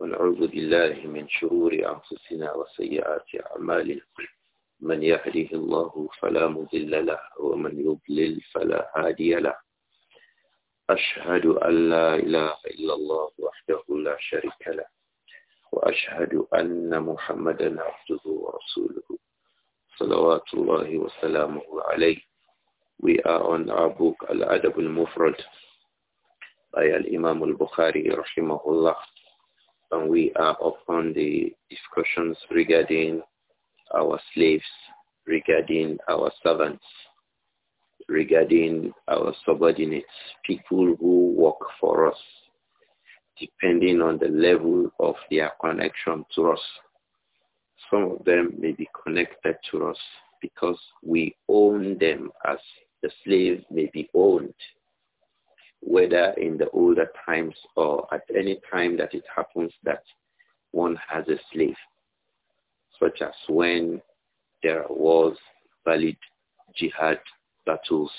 ونعوذ بالله من شرور أنفسنا وسيئات أعمالنا من يهده الله فلا مضل له ومن يضلل فلا هادي له أشهد أن لا إله إلا الله وحده لا شريك له وأشهد أن محمدا عبده ورسوله صلوات الله وسلامه عليه We are on our book Al-Adab al-Mufrad by Al-Imam al-Bukhari rahimahullah and we are upon the discussions regarding our slaves, regarding our servants, regarding our subordinates, people who work for us, depending on the level of their connection to us. Some of them may be connected to us because we own them as the slave may be owned whether in the older times or at any time that it happens that one has a slave, such as when there was valid jihad battles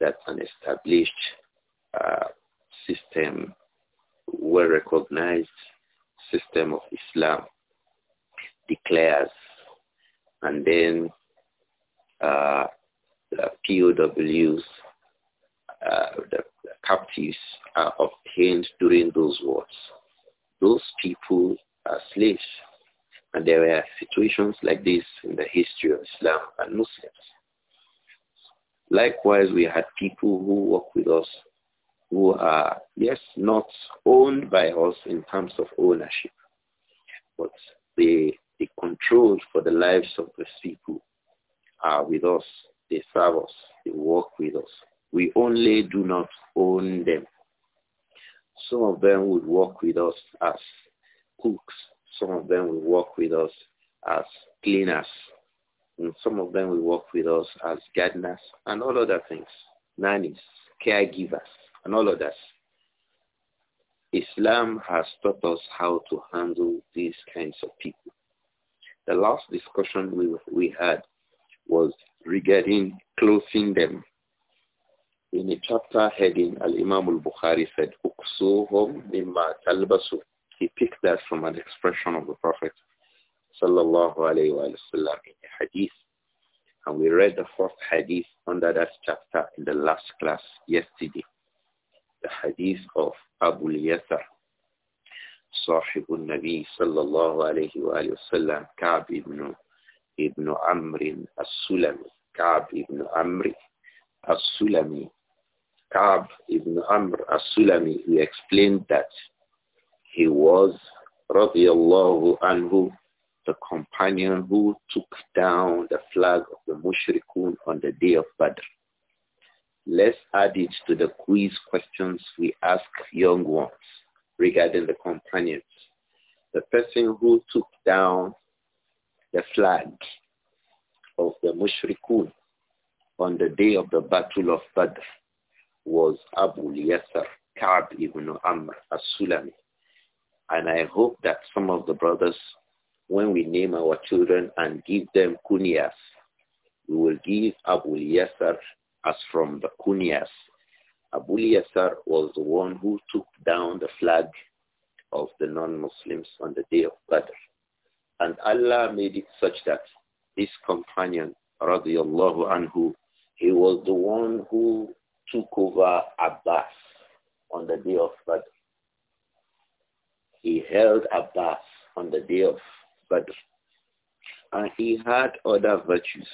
that an established uh, system, well-recognized system of Islam declares, and then uh, the POWs, uh, the captives are obtained during those wars. Those people are slaves. And there were situations like this in the history of Islam and Muslims. Likewise, we had people who work with us who are, yes, not owned by us in terms of ownership, but they, they control for the lives of those people are with us. They serve us. They work with us. We only do not own them. Some of them would work with us as cooks. Some of them will work with us as cleaners. And some of them will work with us as gardeners and all other things, nannies, caregivers, and all others. Islam has taught us how to handle these kinds of people. The last discussion we, we had was regarding closing them in a chapter heading, Al-Imam al-Bukhari said, Uksuhum mimma talbasu. He picked that from an expression of the Prophet sallallahu alayhi wa sallam in a hadith. And we read the first hadith under that chapter in the last class yesterday. The hadith of Abu Yasar, sahib al-Nabi, sallallahu عليه وآله وسلم كعب ibn Amr عمرو sulami كعب ibn Amr al-Sulami Ka'b ibn Amr as-Sulami, he explained that he was, radiallahu anhu, the companion who took down the flag of the Mushrikun on the day of Badr. Let's add it to the quiz questions we ask young ones regarding the companions. The person who took down the flag of the Mushrikun on the day of the Battle of Badr was Abu Yasser Ka'b ibn Amr as-Sulami. And I hope that some of the brothers, when we name our children and give them kunyas, we will give Abu Yasser as from the kunyas. Abu Yasser was the one who took down the flag of the non-Muslims on the day of Badr. And Allah made it such that this companion, radiallahu anhu, he was the one who took over Abbas on the day of Badr. He held Abbas on the day of Badr. And he had other virtues,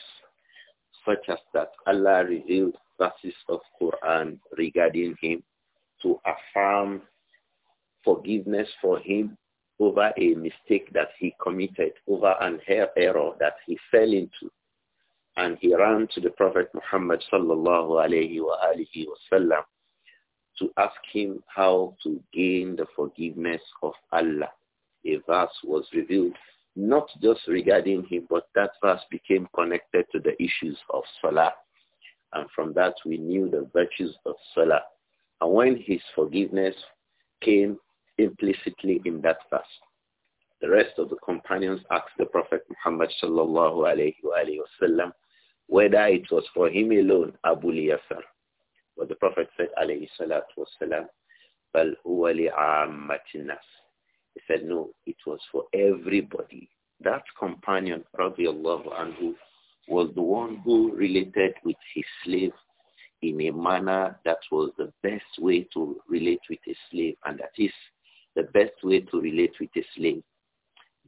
such as that Allah revealed verses of Quran regarding him to affirm forgiveness for him over a mistake that he committed, over an er-, error that he fell into and he ran to the Prophet Muhammad sallallahu alayhi wa alihi wasallam to ask him how to gain the forgiveness of Allah. A verse was revealed not just regarding him, but that verse became connected to the issues of Salah. And from that we knew the virtues of Salah. And when his forgiveness came implicitly in that verse, the rest of the companions asked the Prophet Muhammad sallallahu alayhi wa sallam whether it was for him alone, Abu Yasar. But the Prophet said, alayhi salatu wasalam, bal huwa li'ammatinas. He said, no, it was for everybody. That companion, radiallahu anhu, was the one who related with his slave in a manner that was the best way to relate with a slave, and that is the best way to relate with a slave.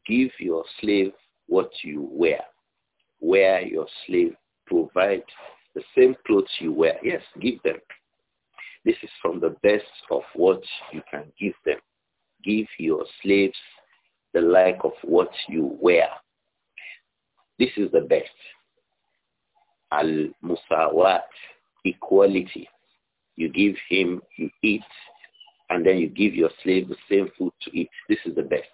Give your slave what you wear. Wear your slave provide the same clothes you wear. Yes, give them. This is from the best of what you can give them. Give your slaves the like of what you wear. This is the best. Al-Musawat, equality. You give him, you eat, and then you give your slave the same food to eat. This is the best.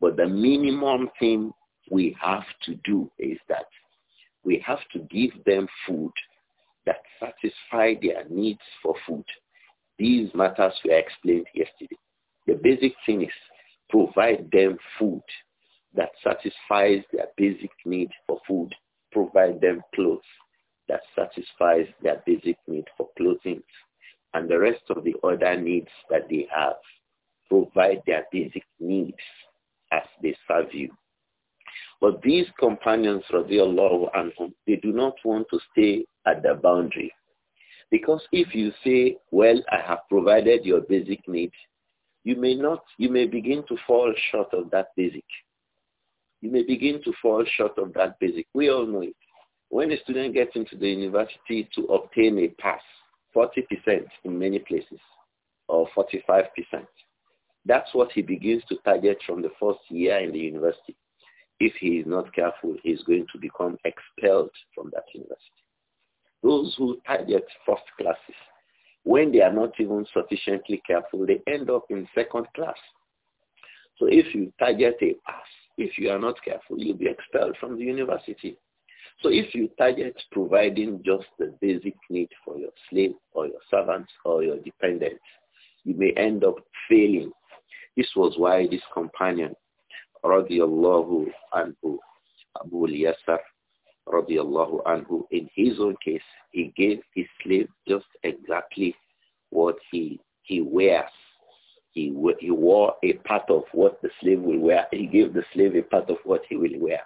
But the minimum thing we have to do is that we have to give them food that satisfy their needs for food. These matters were explained yesterday. The basic thing is provide them food that satisfies their basic need for food. Provide them clothes that satisfies their basic need for clothing and the rest of the other needs that they have. Provide their basic needs as they serve you. But these companions, radiallahu anhum, they do not want to stay at the boundary. Because if you say, well, I have provided your basic needs, you may not, you may begin to fall short of that basic. You may begin to fall short of that basic. We all know it. When a student gets into the university to obtain a pass, 40% in many places, or 45%, that's what he begins to target from the first year in the university if he is not careful, he is going to become expelled from that university. Those who target first classes, when they are not even sufficiently careful, they end up in second class. So if you target a pass, if you are not careful, you'll be expelled from the university. So if you target providing just the basic need for your slave or your servants or your dependents, you may end up failing. This was why this companion, radiallahu anhu, Abu Yasar radiallahu anhu, in his own case, he gave his slave just exactly what he, he wears. He, he wore a part of what the slave will wear. He gave the slave a part of what he will wear.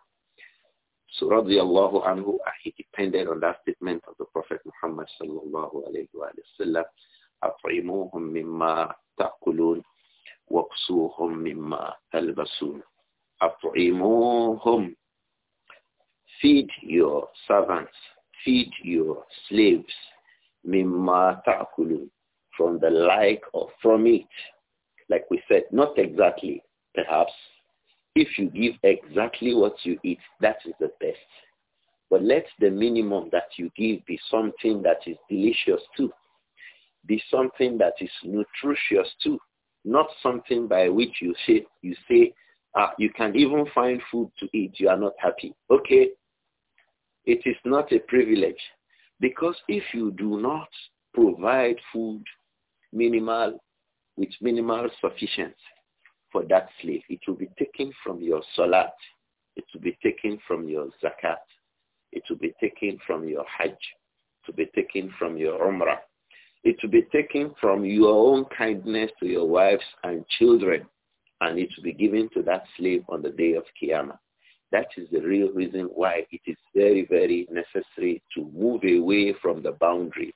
So radiallahu anhu, he depended on that statement of the Prophet Muhammad sallallahu alayhi wa sallam, أطعموهم مما تأكلون واقصوهم مما تلبسون At'imuhum. Feed your servants. Feed your slaves. Mimma ta'kulun. From the like or from it. Like we said, not exactly, perhaps. If you give exactly what you eat, that is the best. But let the minimum that you give be something that is delicious too. Be something that is nutritious too. Not something by which you say, you say uh, you can even find food to eat. You are not happy. Okay. It is not a privilege. Because if you do not provide food minimal with minimal sufficiency for that slave, it will be taken from your salat. It will be taken from your zakat. It will be taken from your hajj. It will be taken from your umrah. It will be taken from your own kindness to your wives and children and it will be given to that slave on the day of Qiyamah. That is the real reason why it is very, very necessary to move away from the boundary.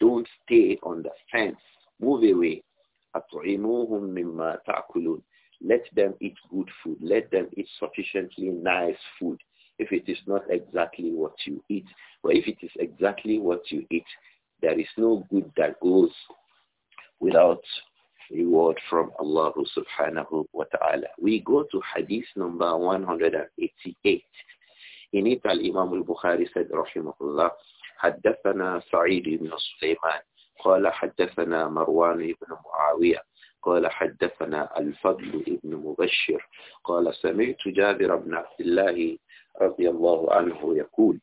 Don't stay on the fence. Move away. Let them eat good food. Let them eat sufficiently nice food if it is not exactly what you eat. But if it is exactly what you eat, there is no good that goes without reward from Allah subhanahu wa ta'ala. We go to hadith number 188. In it, Al-Imam al-Bukhari said, rahimahullah, حدثنا سعيد بن سليمان قال حدثنا مروان بن معاوية قال حدثنا الفضل بن مبشر قال سمعت جابر بن عبد الله رضي الله عنه يقول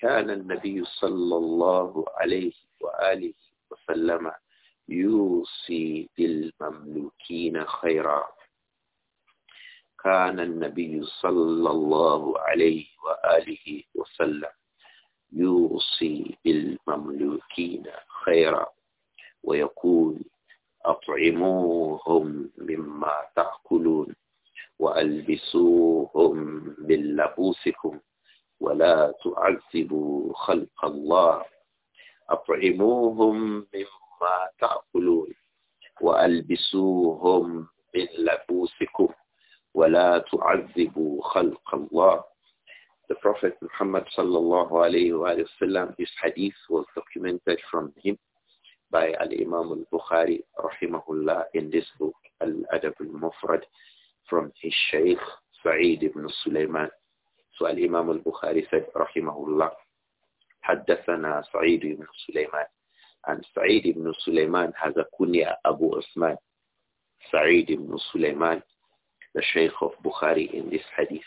كان النبي صلى الله عليه وآله وسلم يوصي بالمملوكين خيرا كان النبي صلى الله عليه وآله وسلم يوصي بالمملوكين خيرا ويقول أطعموهم مما تأكلون وألبسوهم من لبوسكم ولا تعذبوا خلق الله أطعموهم مما ما تأكلون وألبسوهم من لبوسكم ولا تعذبوا خلق الله The Prophet Muhammad sallallahu alayhi wa sallam, his hadith was documented from him by Al-Imam al-Bukhari rahimahullah in this book, Al-Adab al-Mufrad, from his Shaykh Sa'id ibn Sulaiman. So Al-Imam al-Bukhari said rahimahullah, حدثنا سعيد بن سليمان And Sa'id ibn Sulaiman has a kunya Abu Osman. Sa'id ibn Sulaiman, the Shaykh of Bukhari in this hadith.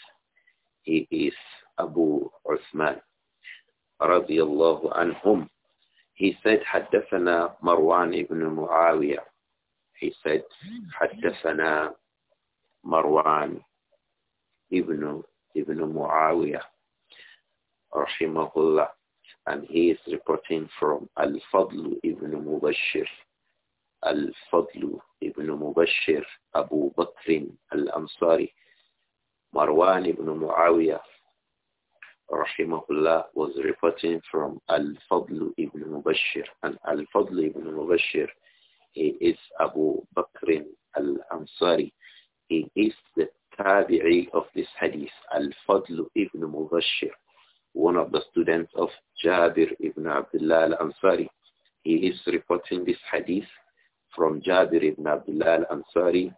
He is Abu Osman. رضي الله عنهم. He said, حدثنا مروان ibn معاوية. He said, حدثنا مروان ibn, ibn معاوية. رحمه الله and he is reporting from Al-Fadl ibn Mubashir. Al-Fadl ibn Mubashir, Abu Bakr al-Ansari, Marwan ibn Muawiyah, rahimahullah, was reporting from Al-Fadl ibn Mubashir. And Al-Fadl ibn Mubashir, he is Abu Bakr al-Ansari. He is the tabi'i of this hadith, Al-Fadl ibn Mubashir one of the students of Jabir ibn Abdullah al-Ansari. He is reporting this hadith from Jabir ibn Abdullah al-Ansari,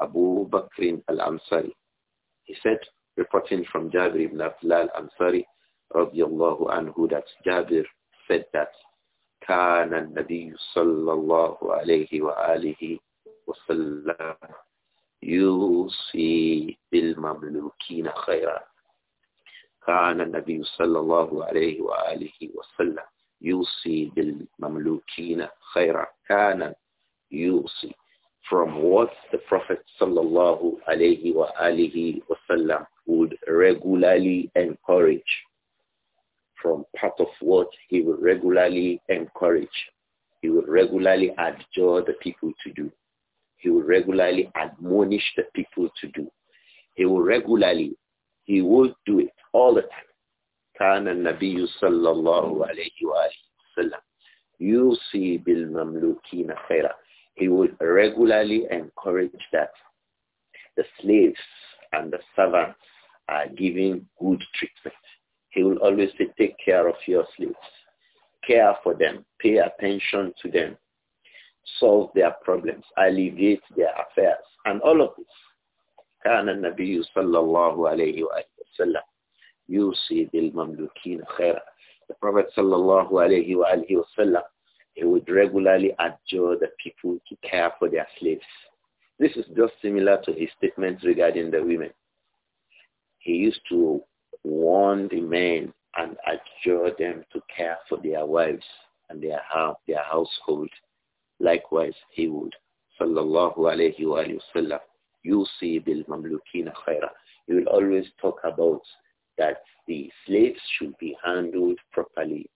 Abu Bakr al-Ansari. He said, reporting from Jabir ibn Abdullah al-Ansari, radiallahu anhu, that Jabir said that, كان النبي صلى الله عليه وآله وسلم يوصي بالمملوكين خيرا كان النبي صلى الله عليه وآله وسلم يوصي بالمملوكين خيرا كان يوصي from what the Prophet صلى الله عليه وآله وسلم would regularly encourage from part of what he would regularly encourage. He would regularly adjure the people to do. He would regularly admonish the people to do. He would regularly, he would do it all the time. كان النبي صلى الله عليه وآله وسلم يوصي بالمملوكين خيرا. He would regularly encourage that the slaves and the servants are given good treatment. He will always say, take care of your slaves. Care for them. Pay attention to them. Solve their problems. Alleviate their affairs. And all of this. كان النبي صلى الله عليه وآله وسلم Yusi bil Mamlukin khaira. The Prophet sallallahu alayhi wa alayhi wasallam, he would regularly adjure the people to care for their slaves. This is just similar to his statements regarding the women. He used to warn the men and adjure them to care for their wives and their, their household. Likewise, he would, sallallahu alayhi wa sallam, you see bil mamlukin khaira. He will always talk about that the slaves should be handled properly.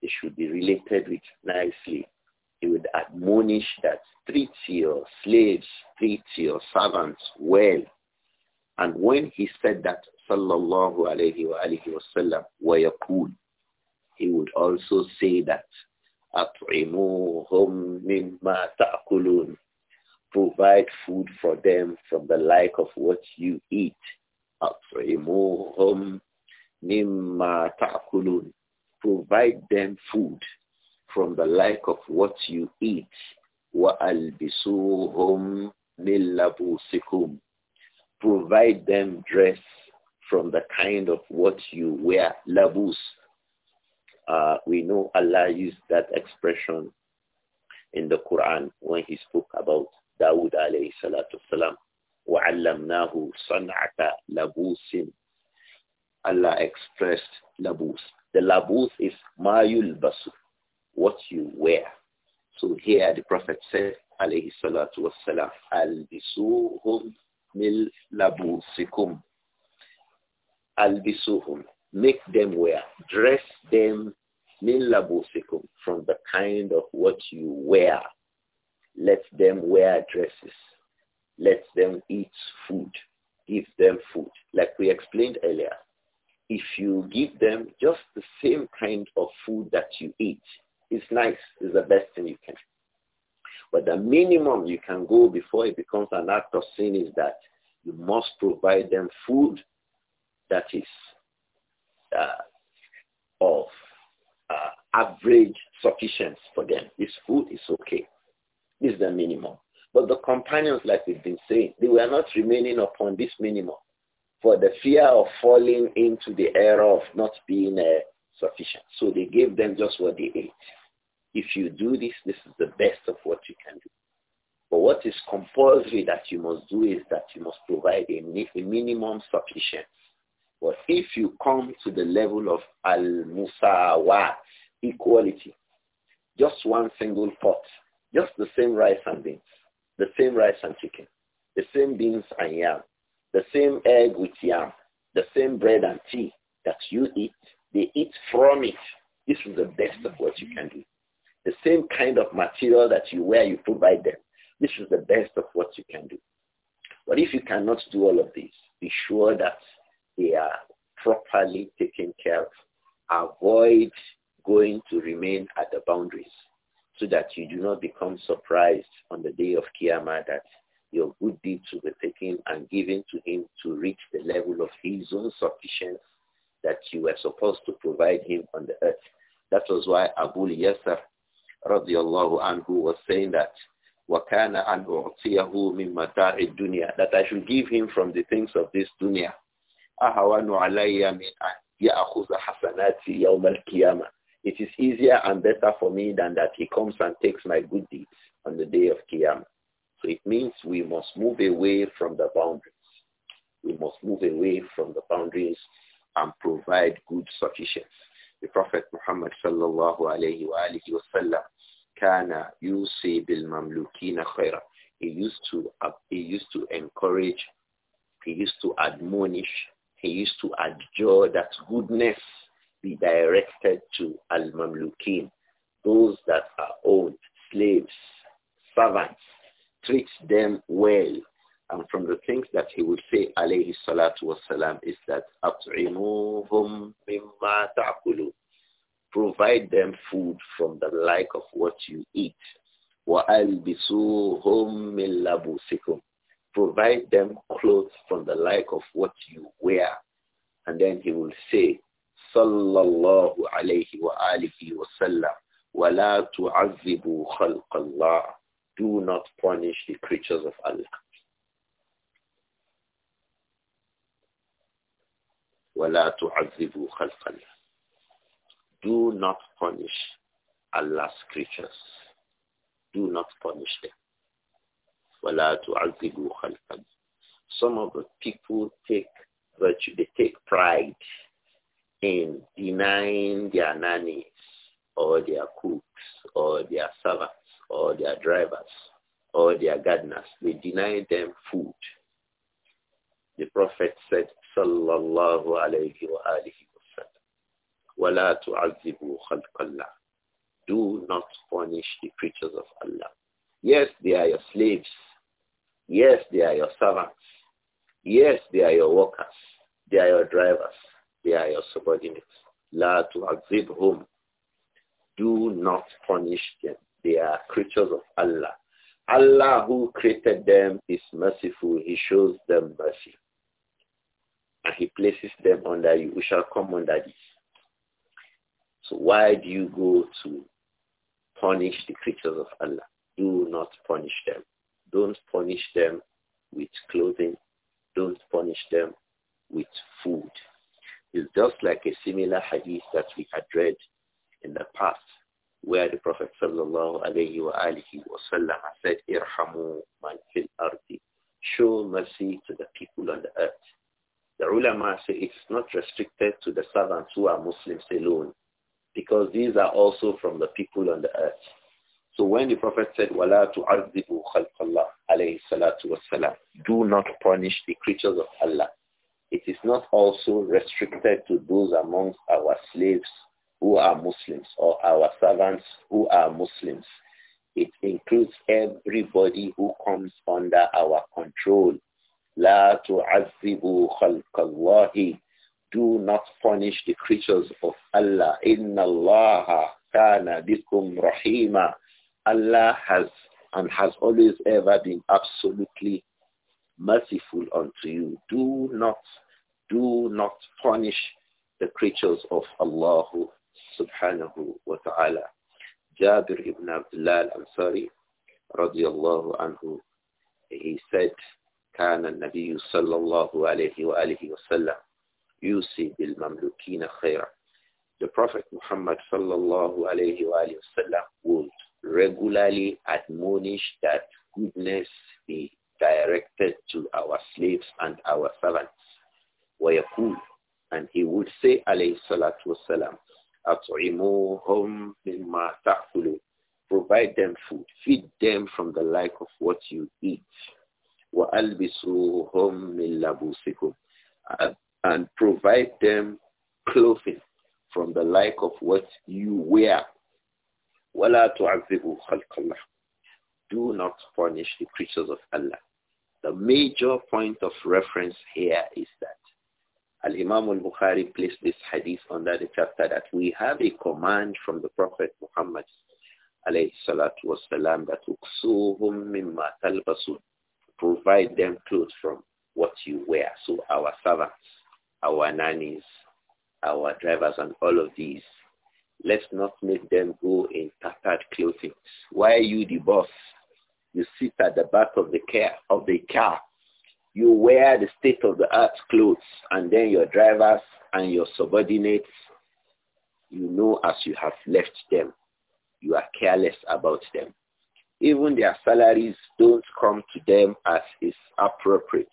They should be related with nicely. He would admonish that treat your slaves, treat your servants well. And when he said that, sallallahu alayhi wa alayhi wa sallam, He would also say that, أَطْعِمُوهُمْ مِمَّا تَأْكُلُونَ Provide food for them from the like of what you eat. أطعموهم مما تأكلون Provide them food from the like of what you eat. وألبسوهم من لبوسكم Provide them dress from the kind of what you wear. Labus. Uh, we know Allah used that expression in the Quran when he spoke about Dawood alayhi salatu salam. وَعَلَّمْنَاهُ صَنْعَةَ Labus is Mayul Basu, what you wear. So here the Prophet said, alayhi salatu wassalam, Albisuhum mil labusikum. Albisuhum, make them wear, dress them mil labusikum, from the kind of what you wear. Let them wear dresses. Let them eat food. Give them food. Like we explained earlier, if you give them, just food that you eat is nice, is the best thing you can. But the minimum you can go before it becomes an act of sin is that you must provide them food that is uh, of uh, average sufficiency for them. This food is okay. This is the minimum. But the companions, like we've been saying, they were not remaining upon this minimum for the fear of falling into the error of not being a uh, just what they ate. If you do this, this is the best of what you can do. But what is compulsory that you must do is that you must provide a, a minimum sufficient. But if you come to the level of al-musawa, equality, just one single pot, just the same rice and beans, the same rice and chicken, the same beans and yam, the same egg with yam, the same bread and tea that you eat, they eat from it. This is the best of what you can do. The same kind of material that you wear, you provide them. This is the best of what you can do. But if you cannot do all of this, be sure that they are properly taken care of. Avoid going to remain at the boundaries so that you do not become surprised on the day of Qiyamah that your good deeds will be taken and given to him to reach the level of his own sufficiency that you were supposed to provide him on the earth. That was why Abu Yasser radiallahu anhu was saying that وَكَانَ أَنْ أُعْطِيَهُ مِنْ مَتَاعِ الدُّنْيَا That I should give him from the things of this dunya. أَهَوَانُ عَلَيَّ مِنْ يَأْخُذَ حَسَنَاتِي يَوْمَ الْقِيَامَةِ It is easier and better for me than that he comes and takes my good deeds on the day of Qiyamah. So it means we must move away from the boundaries. We must move away from the boundaries and provide good sufficiency. The Prophet Muhammad sallallahu alayhi wa alihi wa sallam kana yusi bil mamlukina He used to uh, he used to encourage, he used to admonish, he used to adjure that goodness be directed to al mamlukin, those that are owned, slaves, servants. Treat them well, and from the things that he would say, alayhi salatu wasalam, is that, أَطْعِمُوهُمْ مِمَّا تَعْكُلُونَ Provide them food from the like of what you eat. وَأَلْبِسُوهُمْ مِنْ لَبُوسِكُمْ Provide them clothes from the like of what you wear. And then he will say, sallallahu alayhi wa alihi wa sallam, وَلَا تُعَذِّبُوا خَلْقَ Do not punish the creatures of Allah. وَلَا تُعَذِّبُوا Do not punish Allah's creatures. Do not punish them. وَلَا تُعَذِّبُوا Some of the people take virtue, they take pride in denying their nannies or their cooks or their servants or their drivers or their gardeners. They deny them food. The Prophet said, صلى الله عليه وآله وسلم ولا تعذبوا خلق الله Do not punish the creatures of Allah. Yes, they are your slaves. Yes, they are your servants. Yes, they are your workers. They are your drivers. They are your subordinates. La tu'azibhum. Do not punish them. They are creatures of Allah. Allah who created them is merciful. He shows them mercy and he places them under you. We shall come under this. So why do you go to punish the creatures of Allah? Do not punish them. Don't punish them with clothing. Don't punish them with food. It's just like a similar hadith that we had read in the past where the Prophet sallallahu alayhi wa said, Irhamu fil ardi. Show mercy to the people on the earth. The ulama say it's not restricted to the servants who are Muslims alone, because these are also from the people on the earth. So when the Prophet said, وَلَا تُعَذِّبُوا خَلْقَ اللَّهِ alayhi salatu wasalam, do not punish the creatures of Allah. It is not also restricted to those amongst our slaves who are Muslims or our servants who are Muslims. It includes everybody who comes under our control لا تعذبوا خلق الله Do not punish the creatures of Allah. إن الله كان بكم رحيما Allah has and has always ever been absolutely merciful unto you. Do not, do not punish the creatures of Allah subhanahu wa ta'ala. Jabir ibn Abdullah al-Ansari radiallahu anhu, he said, كان النبي صلى الله عليه وآله وسلم يوصي بالمملوكين خيرا the Prophet Muhammad sallallahu would regularly admonish that goodness be directed to our slaves and our servants. وَيَقُولُ And he would say alayhi salatu wasalam, أَطْعِمُوهُمْ مِمَّا تَأْكُلُونَ Provide them food. Feed them from the like of what you eat. And provide them clothing from the like of what you wear. وَلَا تُعَذِّبُوا خَلْقَ اللَّهِ Do not punish the creatures of Allah. The major point of reference here is that Al-Imam al-Bukhari placed this hadith under the chapter that we have a command from the Prophet Muhammad alayhi salatu wasalam that uksuhum mimma talbasun provide them clothes from what you wear. So our servants, our nannies, our drivers and all of these, let's not make them go in tattered clothing. Why are you the boss? You sit at the back of the car, of the car. You wear the state-of-the-art clothes and then your drivers and your subordinates, you know as you have left them. You are careless about them even their salaries don't come to them as is appropriate.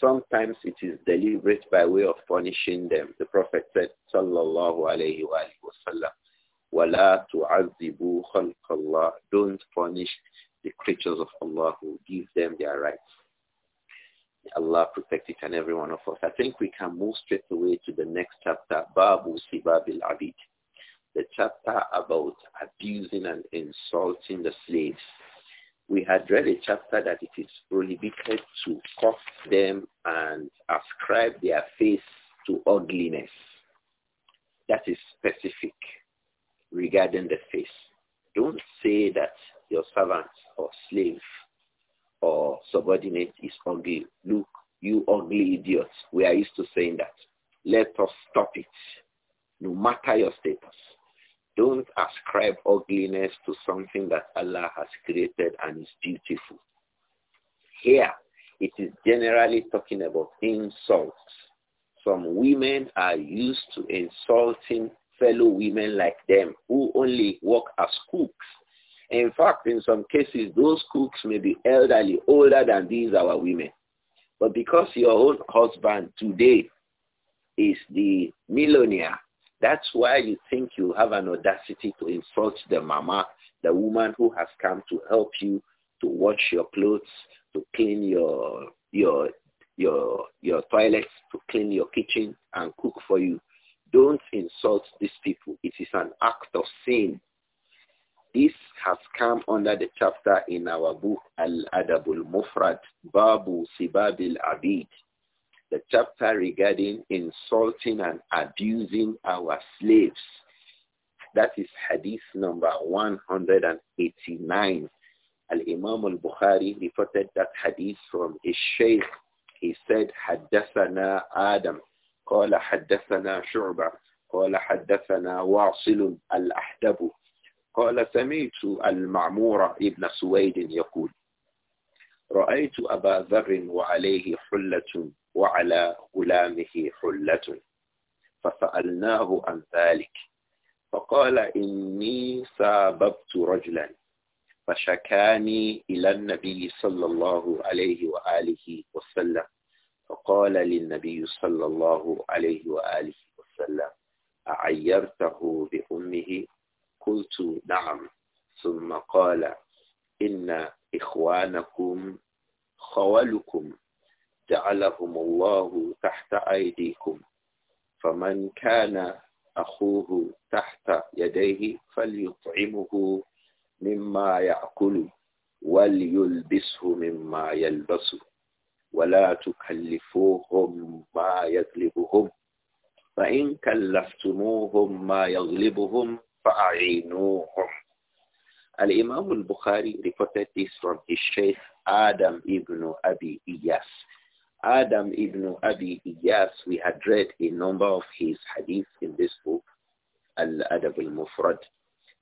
Sometimes it is deliberate by way of punishing them. The Prophet said, Sallallahu alayhi wa sallam, وَلَا تُعَذِّبُوا خَلْقَ اللَّهِ Don't punish the creatures of Allah who give them their rights. Allah protect each and every one of us. I think we can move straight away to the next chapter, Babu Sibabil Abid, the chapter about abusing and insulting the slaves we had read a chapter that it is prohibited to curse them and ascribe their face to ugliness. That is specific regarding the face. Don't say that your servant or slave or subordinate is ugly. Look, you ugly idiots. We are used to saying that. Let us stop it, no matter your status. Don't ascribe ugliness to something that Allah has created and is beautiful. Here, it is generally talking about insults. Some women are used to insulting fellow women like them who only work as cooks. In fact, in some cases, those cooks may be elderly, older than these our women. But because your own husband today is the millionaire that's why you think you have an audacity to insult the mama, the woman who has come to help you to wash your clothes, to clean your your your your toilets, to clean your kitchen and cook for you. Don't insult these people. It is an act of sin. This has come under the chapter in our book Al-Adabul Mufrad, Babu Sibabil Abid, the chapter regarding insulting and abusing our slaves. That is Hadith number 189. Al-Imam al-Bukhari reported that Hadith from a sheikh. He said, Haddathana Adam, Qala Haddathana Shu'ba, Qala Haddathana Wasilun al-Ahdabu, Qala Samitu al-Ma'mura ibn Suwaydin Yaqul. رأيت أبا ذر وعليه حلة وعلى غلامه حلة فسألناه عن ذلك فقال إني ساببت رجلا فشكاني إلى النبي صلى الله عليه وآله وسلم فقال للنبي صلى الله عليه وآله وسلم أعيرته بأمه قلت نعم ثم قال إن إخوانكم خولكم جعلهم الله تحت أيديكم فمن كان أخوه تحت يديه فليطعمه مما يأكل وليلبسه مما يلبسه ولا تكلفوهم ما يغلبهم فإن كلفتموهم ما يغلبهم فأعينوهم Al-Imam al-Bukhari reported this from his Sheikh Adam ibn Abi Iyas. Adam ibn Abi Iyas, we had read a number of his hadith in this book, Al-Adab al-Mufrad.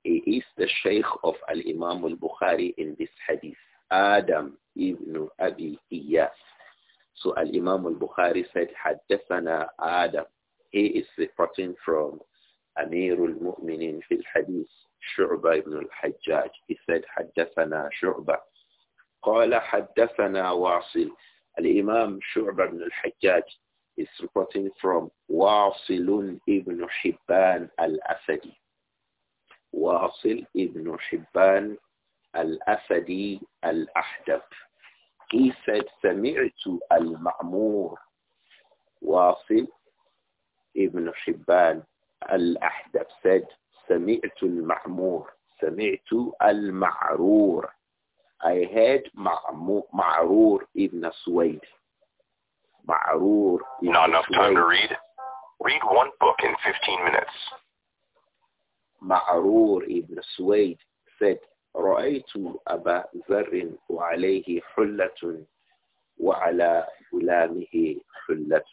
He is the Sheikh of Al-Imam al-Bukhari in this hadith, Adam ibn Abi Iyas. So Al-Imam al-Bukhari said, Haddathana Adam. He is reporting from Amir al-Mu'minin fil hadith, شعبة بن الحجاج he حدثنا شعبة قال حدثنا واصل الإمام شعبة بن الحجاج is reporting from واصل ابن حبان الأسدي واصل ابن حبان الأسدي الأحدب he said سمعت المعمور واصل ابن حبان الأحدب said سمعت المعمور سمعت المعرور I had معرور ابن سويد معرور ابن Not enough time to read Read one book in 15 minutes معرور ابن سويد said رأيت أبا ذر وعليه حلة وعلى غلامه حلة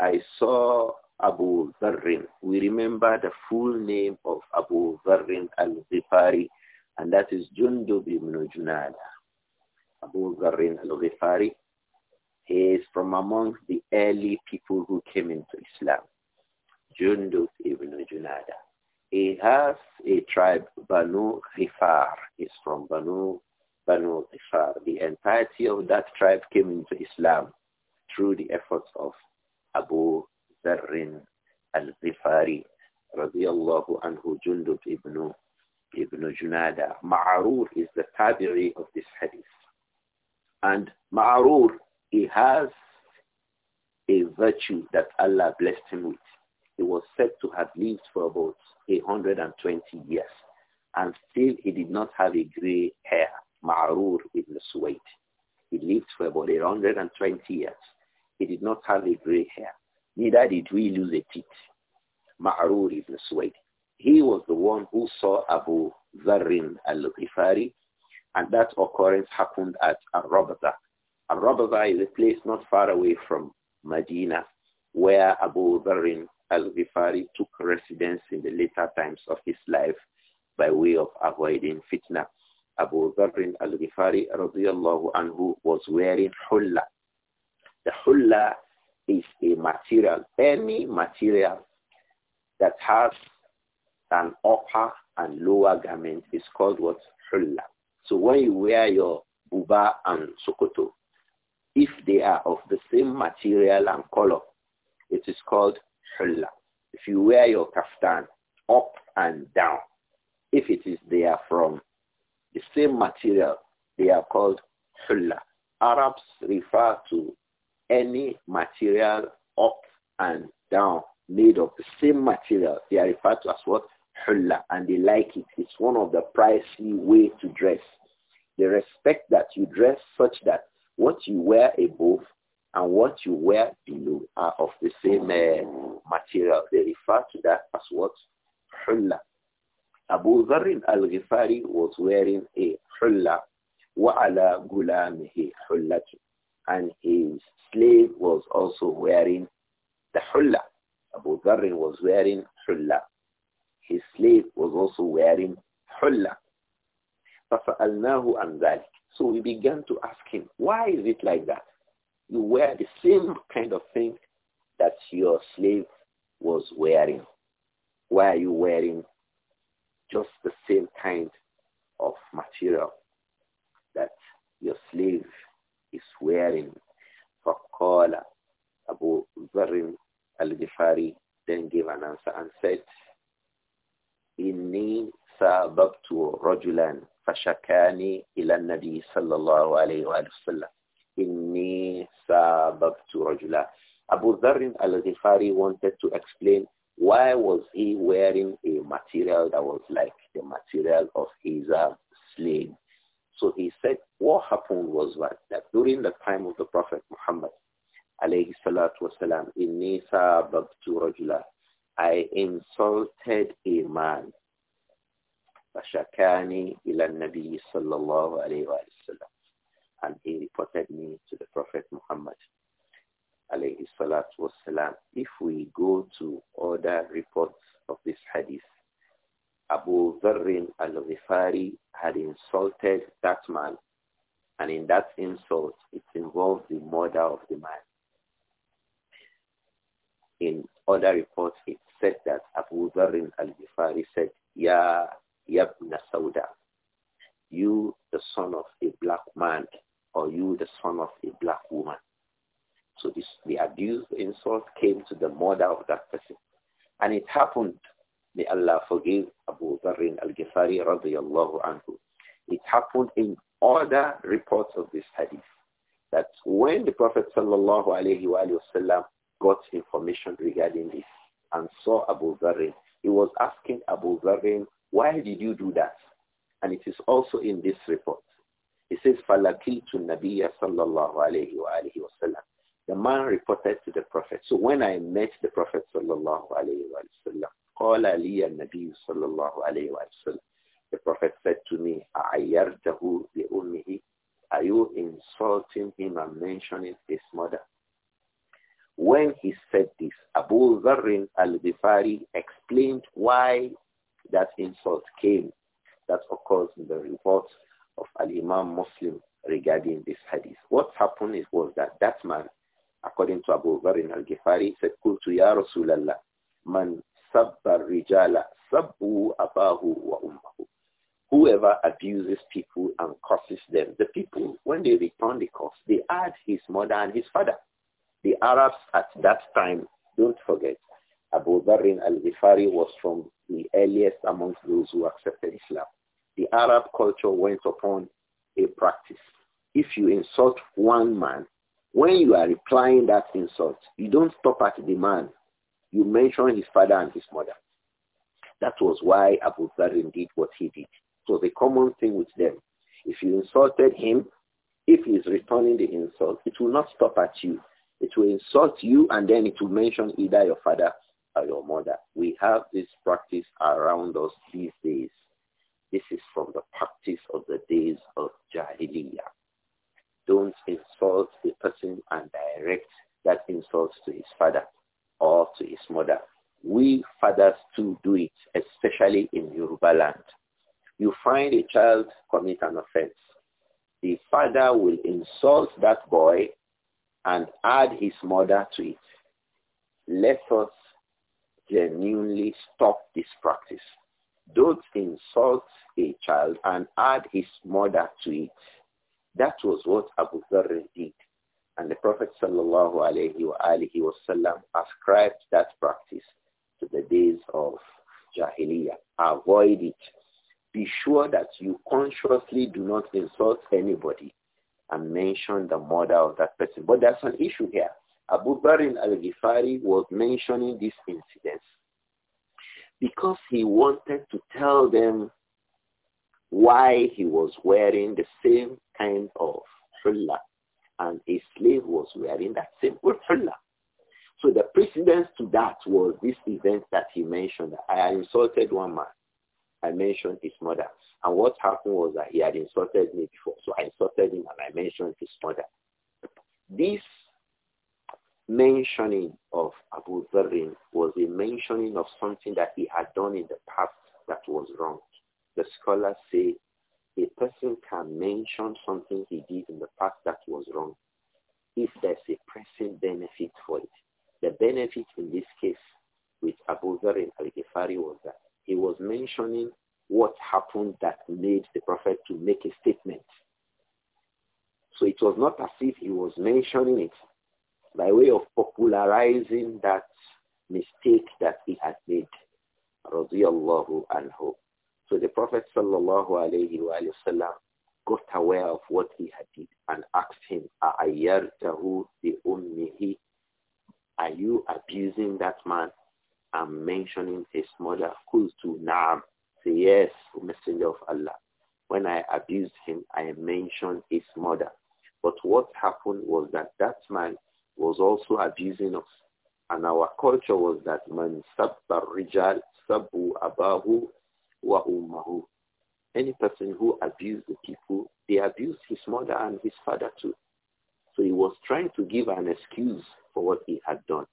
I saw Abu Zarrin. We remember the full name of Abu Zarrin al-Ghifari, and that is Jundub ibn Junada. Abu Zarrin al He is from amongst the early people who came into Islam. Jundub ibn Junada. He has a tribe, Banu Ghifar. He's from Banu, Banu Ghifar. The entirety of that tribe came into Islam through the efforts of Abu Dharr al رضي الله عنه جندب ابن ابن Junada. Ma'arur is the tabi'i of this hadith. And Ma'arur, he has a virtue that Allah blessed him with. He was said to have lived for about 120 years. And still he did not have a gray hair, Ma'arur ibn Suwaid. He lived for about 120 years. He did not have a gray hair. Neither did we lose a teeth. Ma'rur ibn Suwaid. He was the one who saw Abu Zarrin al-Ghifari, and that occurrence happened at Ar-Rabza. Ar-Rabza is a place not far away from Medina, where Abu Zarrin al-Ghifari took residence in the later times of his life by way of avoiding fitna. Abu Zarrin al-Ghifari radiallahu anhu was wearing hulla. The hulla is a material, any material that has an upper and lower garment is called what? Hulla. So when you wear your buba and sokoto, if they are of the same material and color, it is called hulla. If you wear your kaftan up and down, if it is they are from the same material, they are called hulla. Arabs refer to any material up and down made of the same material. They are referred to as what? Hulla. And they like it. It's one of the pricey way to dress. They respect that you dress such that what you wear above and what you wear below are of the same uh, material. They refer to that as what? Hulla. Abu Zarin al-Ghifari was wearing a hulla وعلى غلامه حلته and his slave was also wearing the hulla. Abu Dharr was wearing hulla. His slave was also wearing hulla. فَسَأَلْنَاهُ عَنْ ذَلِكَ So we began to ask him, why is it like that? You wear the same kind of thing that your slave was wearing. Why are you wearing just the same kind of material that your slave is wearing. فَقَالَ Abu Dharr al-Ghifari then gave an answer and said, "Inni sababtu rajulan fashakani ila Nabi sallallahu اللَّهُ عَلَيْهِ وَآلِهِ وَسَلَّمَ إِنِّي سَابَبْتُ Abu Dharr al-Ghifari wanted to explain why was he wearing a material that was like the material of his uh, slave. So he said what happened was that during the time of the Prophet Muhammad, alayhi salatu wasalam, inni rajula, I insulted a man. Fashakani ila nabi sallallahu alayhi wa And he reported me to the Prophet Muhammad alayhi salatu wasalam. If we go to other reports of this hadith, Abu Dharrin al-Ghifari had insulted that man. And in that insult, it involved the murder of the man. In other reports, it said that Abu Dharrin al-Ghifari said, Ya Yabna Sauda, you the son of a black man, or you the son of a black woman. So this, the abuse, insult came to the mother of that person. And it happened May Allah forgive Abu Dharrin al-Ghifari radiyallahu anhu. It happened in other reports of this hadith that when the Prophet sallallahu alayhi wa sallam got information regarding this and saw Abu Dharrin, he was asking Abu Dharrin, why did you do that? And it is also in this report. He says, فَلَكِيتُ النَّبِيَّ sallallahu alayhi wa sallam. The man reported to the Prophet. So when I met the Prophet sallallahu alayhi wa sallam, فقال لي النبي صلى الله عليه وسلم The Prophet said to me, أعيرته Are you insulting him and mentioning his mother? When he said this, Abu Zarrin al-Ghifari explained why that insult came. That occurs in the report of Al-Imam Muslim regarding this hadith. What happened was that that man, according to Abu Zarrin al-Ghifari, said, قلت يا رسول الله من sabba rijala sabbu abahu wa ummahu. Whoever abuses people and curses them, the people, when they return the curse, they add his mother and his father. The Arabs at that time, don't forget, Abu Dharin al-Ghifari was from the earliest amongst those who accepted Islam. The Arab culture went upon a practice. If you insult one man, when you are replying that insult, you don't stop at the man. You mentioned his father and his mother. That was why Abu Dharin did what he did. So the common thing with them. If you insulted him, if he is returning the insult, it will not stop at you. It will insult you and then it will mention either your father or your mother. We have this practice around us these days. This is from the practice of the days of Jahiliyyah. Don't insult the person and direct that insult to his father or to his mother. We fathers too do it, especially in Yoruba land. You find a child commit an offense. The father will insult that boy and add his mother to it. Let us genuinely stop this practice. Don't insult a child and add his mother to it. That was what Abu Dharr did. And the Prophet sallallahu alayhi wa alihi wasallam ascribed that practice to the days of Jahiliyyah. Avoid it. Be sure that you consciously do not insult anybody and mention the mother of that person. But there's an issue here. Abu Barin al-Ghifari was mentioning this incident because he wanted to tell them why he was wearing the same kind of hulla and a slave was wearing that same hulla. So the precedence to that was this event that he mentioned. I insulted one man. I mentioned his mother. And what happened was that he had insulted me before. So I insulted him and I mentioned his mother. This mentioning of Abu Zarin was a mentioning of something that he had done in the past that was wrong. The scholars say a person can mention something he did in the past that was wrong if there's a present benefit for it. The benefit in this case with Abu Dhar al-Ghifari was that he was mentioning what happened that made the Prophet to make a statement. So it was not as if he was mentioning it by way of popularizing that mistake that he had made. Radiallahu anhu. So the Prophet sallallahu alayhi wa sallam got aware of what he had did and asked him, bi ummihi. Are you abusing that man and mentioning his mother? Kultu na'am. Say yes, Messenger of Allah. When I abused him, I mentioned his mother. But what happened was that that man was also abusing us. And our culture was that man sabba rijal sabu abahu wa Any person who abused the people, they abused his mother and his father too. So he was trying to give an excuse for what he had done.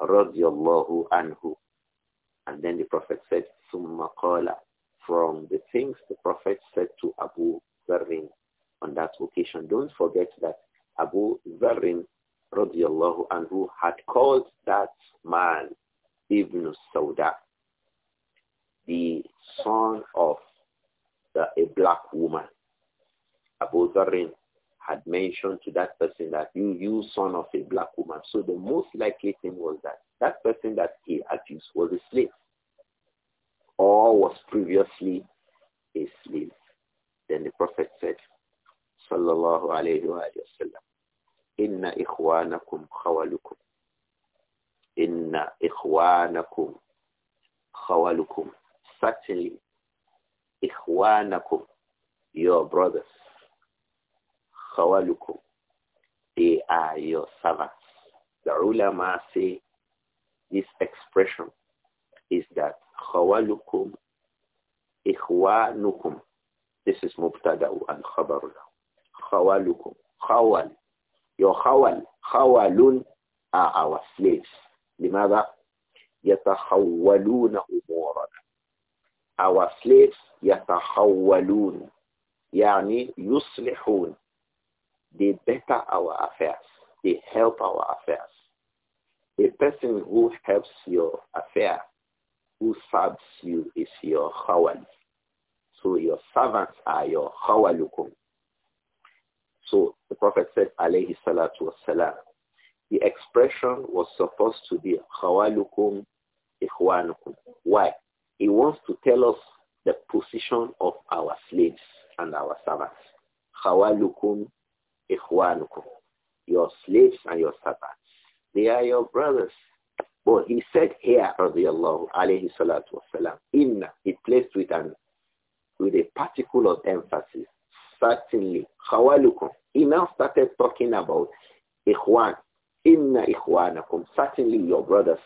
Radiallahu anhu. And then the Prophet said, Summa qala. From the things the Prophet said to Abu Zarrin on that occasion, don't forget that Abu Zarrin radiallahu anhu had called that man Ibn Sauda the son of the, a black woman. Abu Dharin had mentioned to that person that you, you son of a black woman. So the most likely thing was that that person that he accused was a slave or was previously a slave. Then the Prophet said, Sallallahu alayhi wa sallam, Inna ikhwanakum khawalukum. Inna ikhwanakum khawalukum. Certainly, ikhwanakum, your brothers, khawalukum, they are your servants. The ulama say this expression is that khawalukum, ikhwanukum. This is mubtada'u and khabaru. Khawalukum, khawal. Your khawal, khawalun are our slaves. لماذا يتحولون أمورا our slaves يتحولون يعني يصلحون They better our affairs. They help our affairs. A person who helps your affair, who serves you is your khawal. So your servants are your khawalukum. So the Prophet said, عليه salatu wassalam, the expression was supposed to be khawalukum إخوانكم. Why? He wants to tell us the position of our slaves and our servants. Khawalukum ikhwanukum. Your slaves and your servants. They are your brothers. But he said here, radiallahu alayhi salatu wasalam, inna, he placed with an, with a particular emphasis. Certainly, khawalukum. He now started talking about ikhwan. Inna ikhwanakum. Certainly your brothers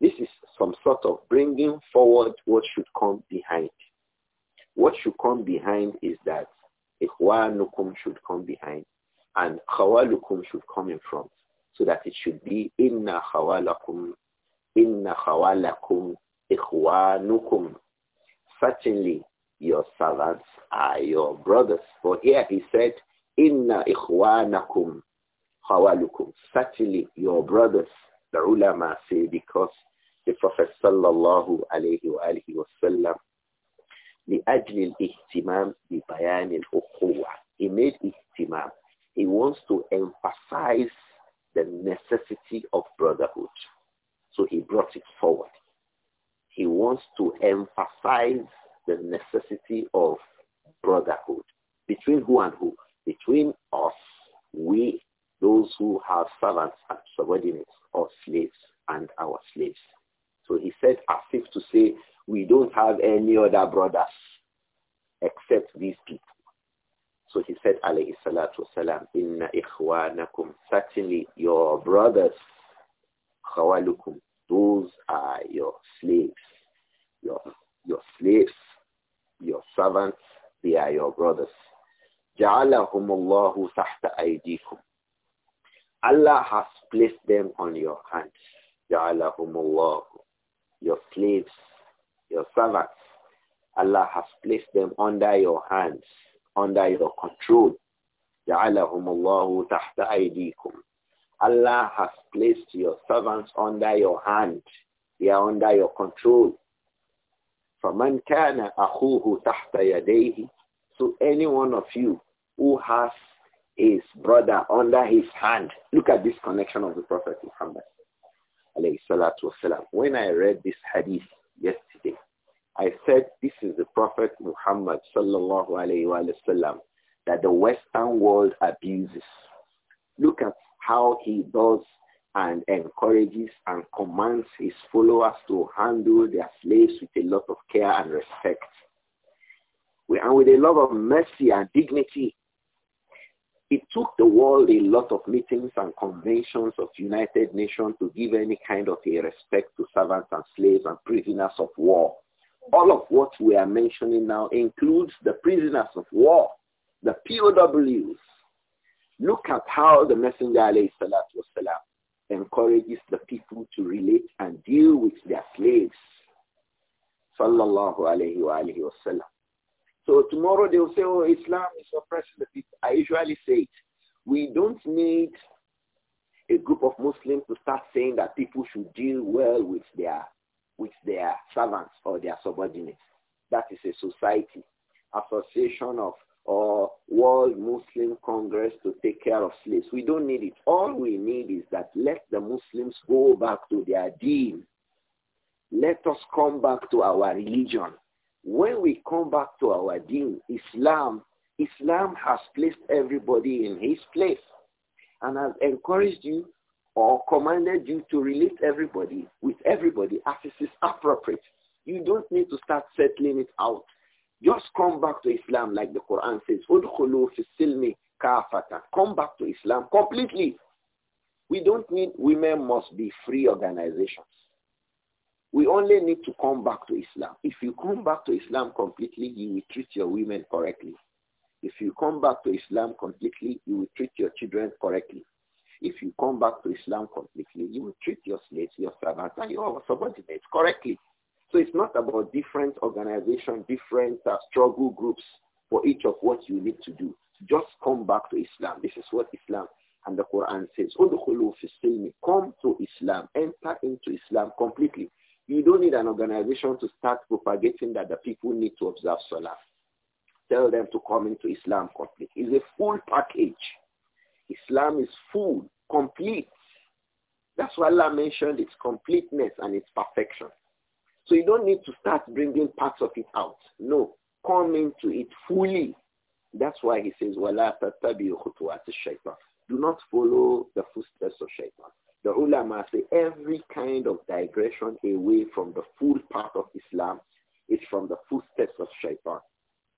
this is some sort of bringing forward what should come behind. What should come behind is that Ikhwanukum should come behind and Khawalukum should come in front so that it should be Inna Khawalakum, Inna Khawalakum, Ikhwanukum. Certainly your servants are your brothers. For here he said, Inna Ikhwanakum, Khawalukum. Certainly your brothers, the ulama say, because the Prophet sallallahu alayhi wa alihi wa sallam لأجل الاهتمام ببيان الأخوة. He made اهتمام. He wants to emphasize the necessity of brotherhood. So he brought it forward. He wants to emphasize the necessity of brotherhood. Between who and who? Between us, we, those who have servants and subordinates, or slaves and our slaves. So he said as if to say, we don't have any other brothers except these people. So he said, alayhi salatu wasalam, inna ikhwanakum, certainly your brothers, khawalukum, those are your slaves. Your, your slaves, your servants, they are your brothers. جعلهم الله تحت Allah has placed them on your hands. جعلهم your slaves, your servants. Allah has placed them under your hands, under your control. Allah has placed your servants under your hand. They are under your control. فَمَنْ كَانَ أَخُوهُ تَحْتَ يَدَيْهِ So any one of you who has his brother under his hand. Look at this connection of the Prophet Muhammad alayhi salatu wasalam. When I read this hadith yesterday, I said this is the Prophet Muhammad sallallahu alayhi wa sallam that the Western world abuses. Look at how he does and encourages and commands his followers to handle their slaves with a lot of care and respect. and with a lot of mercy and dignity it took the world a lot of meetings and conventions of United Nations to give any kind of a respect to servants and slaves and prisoners of war. All of what we are mentioning now includes the prisoners of war, the POWs. Look at how the Messenger والسلام, encourages the people to relate and deal with their slaves. Sallallahu alayhi wa alayhi wa sallam. So tomorrow they'll say, oh, Islam is oppressing the people. I usually say it. We don't need a group of Muslims to start saying that people should deal well with their, with their servants or their subordinates. That is a society, association of or World Muslim Congress to take care of slaves. We don't need it. All we need is that let the Muslims go back to their deen. Let us come back to our religion. When we come back to our deen, Islam, Islam has placed everybody in his place and has encouraged you or commanded you to relate everybody with everybody as it is appropriate. You don't need to start settling it out. Just come back to Islam like the Quran says, Come back to Islam completely. We don't need women must be free organization. We only need to come back to Islam. If you come back to Islam completely, you will treat your women correctly. If you come back to Islam completely, you will treat your children correctly. If you come back to Islam completely, you will treat your slaves, your servants, and your subordinates correctly. So it's not about different organizations, different uh, struggle groups for each of what you need to do. Just come back to Islam. This is what Islam and the Quran says. Come to Islam. Enter into Islam completely. You don't need an organization to start propagating that the people need to observe Salah. Tell them to come into Islam completely. It's a full package. Islam is full, complete. That's why Allah mentioned its completeness and its perfection. So you don't need to start bringing parts of it out. No, come into it fully. That's why he says, وَلَا تَتَّبِعُ خُطُوَاتِ الشَّيْطَانِ Do not follow the footsteps of shaitan. The ulama say every kind of digression away from the full path of Islam is from the footsteps of shaitan.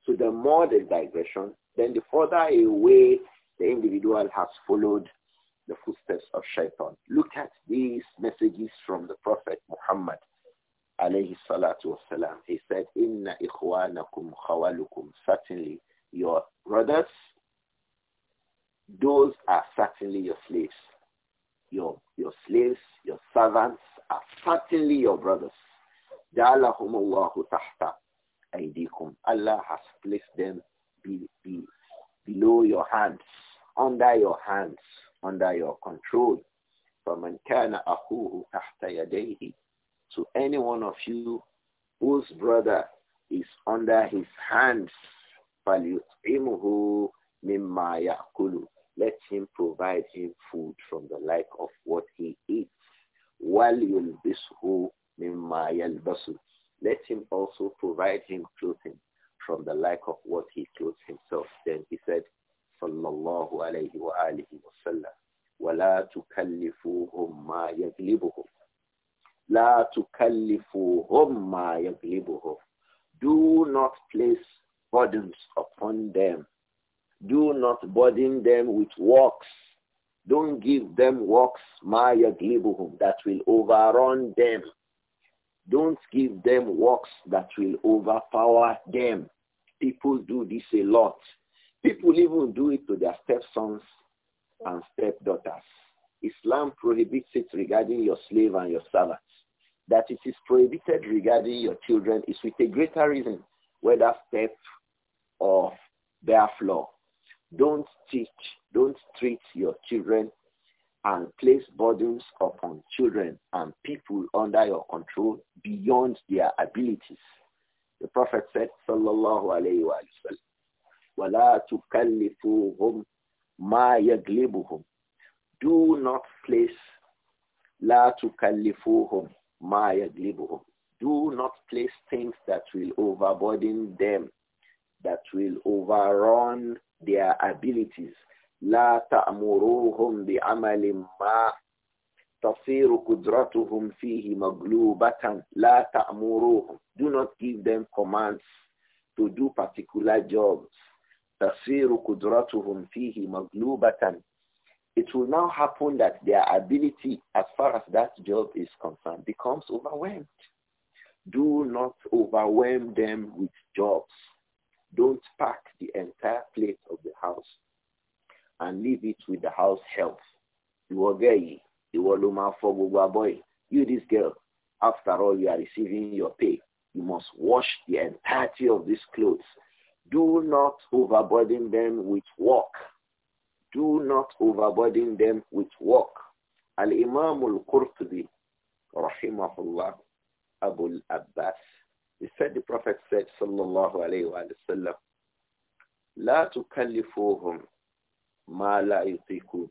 So the more the digression, then the further away the individual has followed the footsteps of shaitan. Look at these messages from the Prophet Muhammad alayhi salatu wasalam. He said, Inna ikhwanakum khawalukum. Certainly your brothers, those are certainly your slaves your, your slaves, your servants are certainly your brothers. Allah has placed them be, be, below your hands, under your hands, under your control. فمن كان أخوه تحت يديه. to any one of you whose brother is under his hands, فليطعمه مما يأكله let him provide him food from the like of what he eats. وَلْيُلْبِسْهُ مِمَّا يَلْبَسُ Let him also provide him clothing from the like of what he clothes himself. Then he said, sallallahu alayhi wa alihi wa وَلَا تُكَلِّفُوهُمْ مَا يَغْلِبُهُمْ لَا تُكَلِّفُوهُمْ مَا يَغْلِبُهُمْ Do not place burdens upon them do not burden them with works. Don't give them works, ma that will overrun them. Don't give them works that will overpower them. People do this a lot. People even do it to their stepsons and stepdaughters. Islam prohibits it regarding your slave and your servant. That it is prohibited regarding your children is with a greater reason, whether step or bare floor. Don't teach, don't treat your children and place burdens upon children and people under your control beyond their abilities. The Prophet said, Sallallahu Alaihi Wasallam, وَلَا تُكَلِّفُوهُمْ مَا يَغْلِبُهُمْ Do not place, لَا تُكَلِّفُوهُمْ مَا يَغْلِبُهُمْ Do not place things that will overburden them that will overrun their abilities. لا تأمروهم بعمل ما تصير قدرتهم فيه مغلوبة لا تأمروهم Do not give them commands to do particular jobs. تصير قدرتهم فيه مغلوبة It will now happen that their ability as far as that job is concerned becomes overwhelmed. Do not overwhelm them with jobs. Don't pack the entire plate of the house and leave it with the house help. You are gay. You are boy. You this girl. After all, you are receiving your pay. You must wash the entirety of these clothes. Do not overburden them with work. Do not overburden them with work. Al-Imam al-Qurtubi, rahimahullah, Abu al-Abbas, he said, the Prophet said, sallallahu alayhi wa sallam, لا تكلفوهم ما لا يطيقون.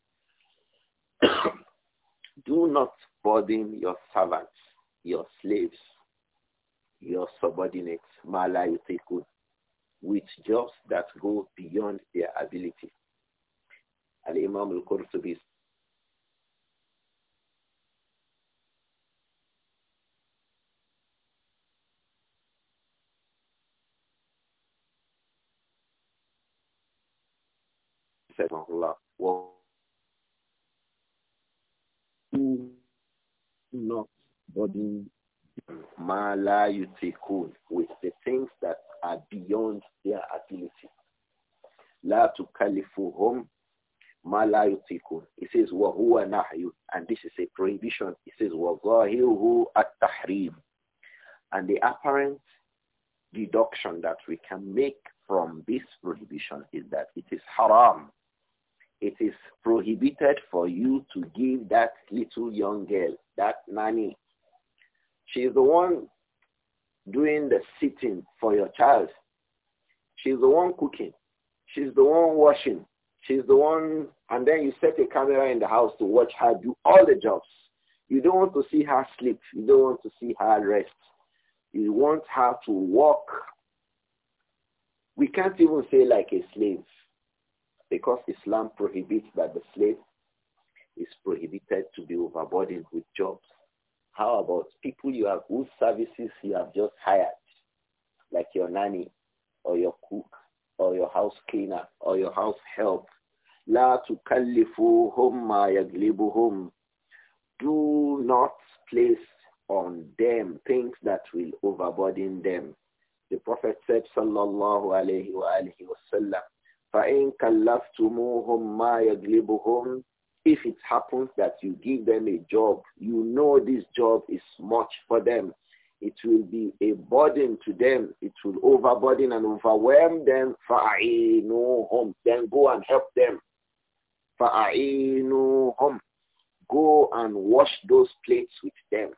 Do not burden your servants, your slaves, your subordinates, ما لا يطيقون, with jobs that go beyond their ability. Al-Imam al-Qurtubi said, Allah, well, not burden ma with the things that are beyond their ability. La to ma la yutikun. It says wa huwa nahyu and this is a prohibition. It says wa zahiruhu at-tahrim. And the apparent deduction that we can make from this prohibition is that it is haram it is prohibited for you to give that little young girl, that nanny. She is the one doing the sitting for your child. She's the one cooking. She's the one washing. She's the one, and then you set a camera in the house to watch her do all the jobs. You don't want to see her sleep. You don't want to see her rest. You want her to walk. We can't even say like a slave because Islam prohibits that the slave is prohibited to be overburdened with jobs. How about people you have whose services you have just hired, like your nanny or your cook or your house cleaner or your house help? La tukallifuhum ma yaglibuhum. Do not place on them things that will overburden them. The Prophet said, sallallahu alaihi wasallam. wa فَإِن كَلَّفْتُمُوهُمْ مَا يَغْلِبُهُمْ If it happens that you give them a job, you know this job is much for them. It will be a burden to them. It will overburden and overwhelm them. فَأَعِينُوهُمْ Then go and help them. فَأَعِينُوهُمْ Go and wash those plates with them.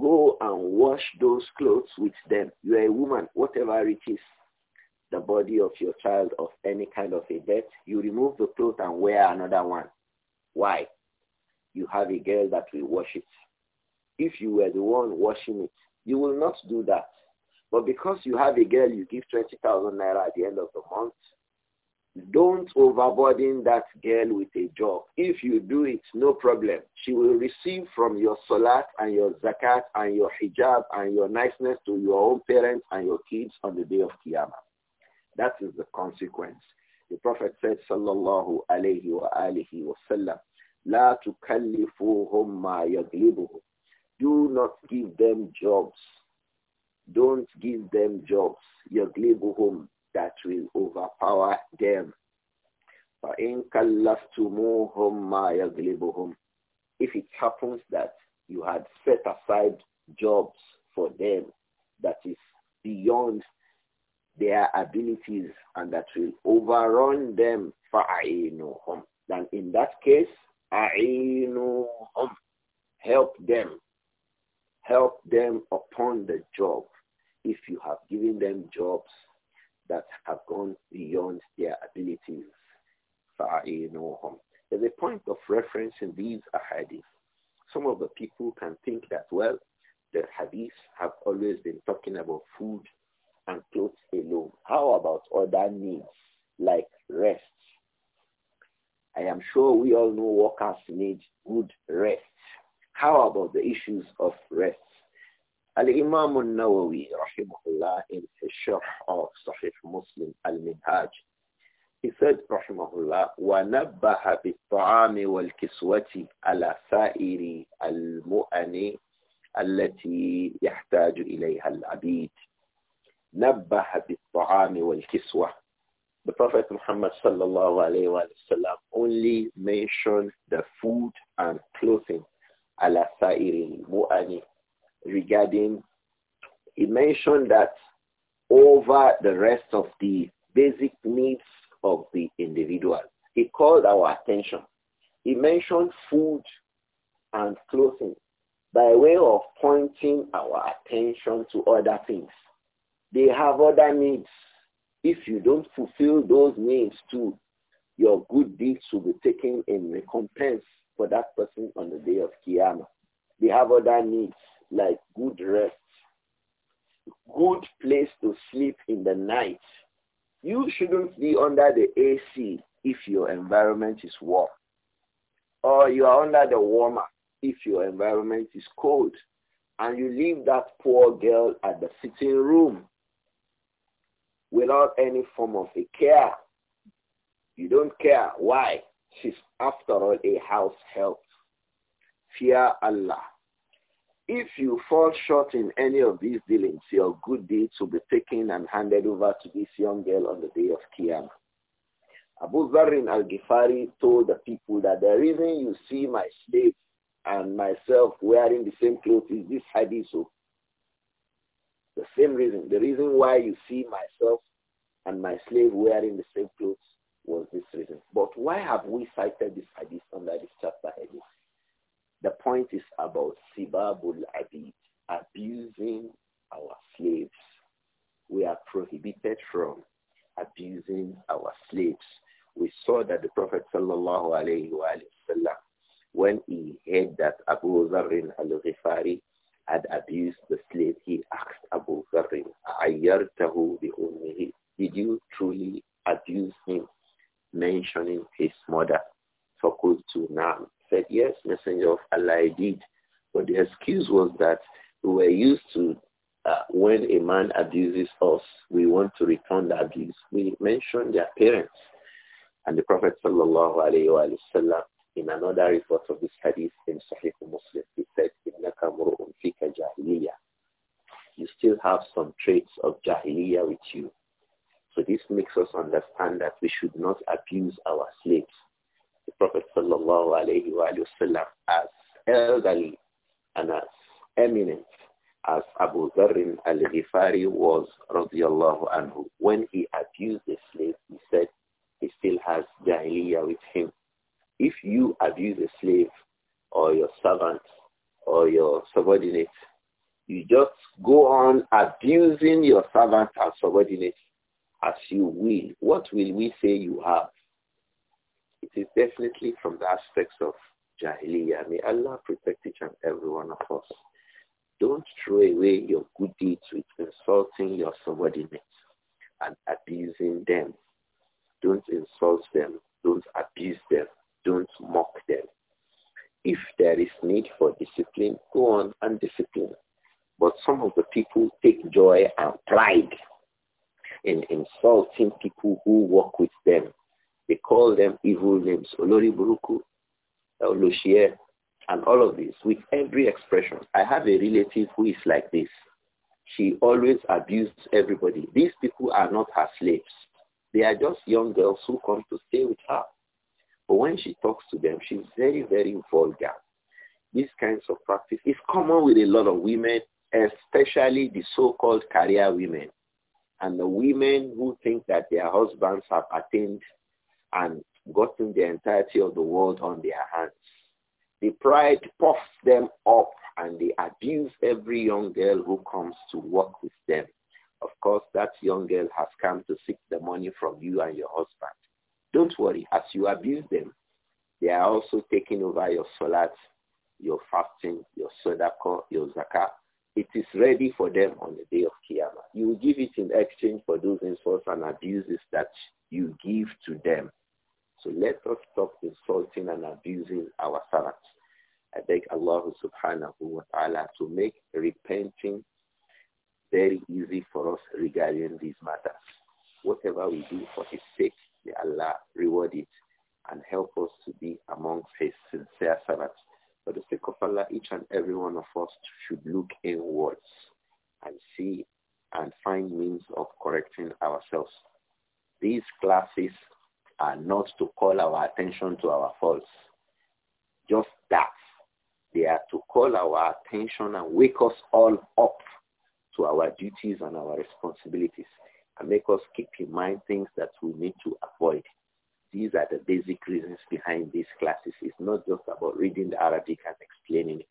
Go and wash those clothes with them. You are a woman, whatever it is the body of your child of any kind of a death, you remove the cloth and wear another one. Why? You have a girl that will wash it. If you were the one washing it, you will not do that. But because you have a girl, you give 20,000 naira at the end of the month. Don't overburden that girl with a job. If you do it, no problem. She will receive from your salat and your zakat and your hijab and your niceness to your own parents and your kids on the day of Qiyamah. That is the consequence. The Prophet said, sallallahu alayhi wa alihi wa sallam, la tukallifuhum ma yaglibuhum. Do not give them jobs. Don't give them jobs. Yaglibuhum that will overpower them. فَإِن كَلَّفْتُمُوهُمْ مَا يَغْلِبُهُمْ If it happens that you had set aside jobs for them that is beyond their abilities and that will overrun them فَعِينُهُمْ Then in that case, عِينُهُمْ Help them. Help them upon the job if you have given them jobs that have gone beyond their abilities. فَعِينُهُمْ There's a point of reference in these ahadith. Some of the people can think that, well, the hadiths have always been talking about food and clothes alone. How about other needs like rest? I am sure we all know workers need good rest. How about the issues of rest? Al-Imam al-Nawawi, rahimahullah, in his sharh of Sahih Muslim al-Minhaj, he said, rahimahullah, وَنَبَّهَ بِالطَّعَامِ وَالْكِسْوَةِ عَلَى سَائِرِ الْمُؤَنِ التي يحتاج إليها العبيد نبه بالطعام والكسوة the Prophet Muhammad sallallahu alayhi wa sallam only mentioned the food and clothing ala sa'irin mu'ani regarding, he mentioned that over the rest of the basic needs of the individual. He called our attention. He mentioned food and clothing by way of pointing our attention to other things. They have other needs. If you don't fulfill those needs too, your good deeds will be taken in recompense for that person on the day of Qiyamah. They have other needs like good rest, good place to sleep in the night. You shouldn't be under the AC if your environment is warm. Or you are under the warmer if your environment is cold. And you leave that poor girl at the sitting room without any form of a care. You don't care. Why? She's, after all, a house help. Fear Allah. If you fall short in any of these dealings, your good deeds will be taken and handed over to this young girl on the day of Qiyamah. Abu Zarin al-Ghifari told the people that the reason you see my slave and myself wearing the same clothes is this hadith. The same reason. The reason why you see myself and my slave wearing the same clothes was this reason. But why have we cited this hadith under this chapter heading? The point is about sibabul abid, abusing our slaves. We are prohibited from abusing our slaves. We saw that the Prophet sallallahu when he heard that Abu Zarrin al-Ghifari had abused the slave, he asked Abu Dharr, Ayyartahu bi ummihi. Did you truly abuse him, mentioning his mother? Fakultu Naam said, yes, messenger of Allah, I did. But the excuse was that we were used to uh, when a man abuses us, we want to return the abuse. We mention their parents. And the Prophet sallallahu alayhi wa sallam in another report of this hadith in Sahih Muslim, he said, jahiliya. You still have some traits of jahiliya with you. So this makes us understand that we should not abuse our slaves. The Prophet sallallahu alayhi wa sallam as elderly and as eminent as Abu Dharr al-Ghifari was radiallahu anhu. When he abused a slave, he said he still has jahiliya with him. If you abuse a slave or your servant or your subordinate, you just go on abusing your servant and subordinate as you will. What will we say you have? It is definitely from the aspects of Jahiliyyah. May Allah protect each and every one of us. Don't throw away your good deeds with insulting your subordinates and abusing them. Don't insult them. Don't abuse them. Don't mock them. If there is need for discipline, go on and discipline. But some of the people take joy and pride in insulting people who work with them. They call them evil names, Olori Buruku, Oloshier, and all of this with every expression. I have a relative who is like this. She always abuses everybody. These people are not her slaves. They are just young girls who come to stay with her. But when she talks to them, she's very, very vulgar. These kinds of practice is common with a lot of women, especially the so-called career women and the women who think that their husbands have attained and gotten the entirety of the world on their hands. The pride puffs them up and they abuse every young girl who comes to work with them. Of course, that young girl has come to seek the money from you and your husband. Don't worry, as you abuse them, they are also taking over your salat, your fasting, your sadaqah, your zakah. It is ready for them on the day of Qiyamah. You will give it in exchange for those insults and abuses that you give to them. So let us stop insulting and abusing our salat. I beg Allah subhanahu wa ta'ala to make repenting very easy for us regarding these matters. Whatever we do for his sake, May Allah reward it and help us to be amongst his sincere servants. For the sake of Allah, each and every one of us should look inwards and see and find means of correcting ourselves. These classes are not to call our attention to our faults. Just that. They are to call our attention and wake us all up to our duties and our responsibilities and make us keep in mind things that we need to avoid. These are the basic reasons behind these classes. It's not just about reading the Arabic and explaining it.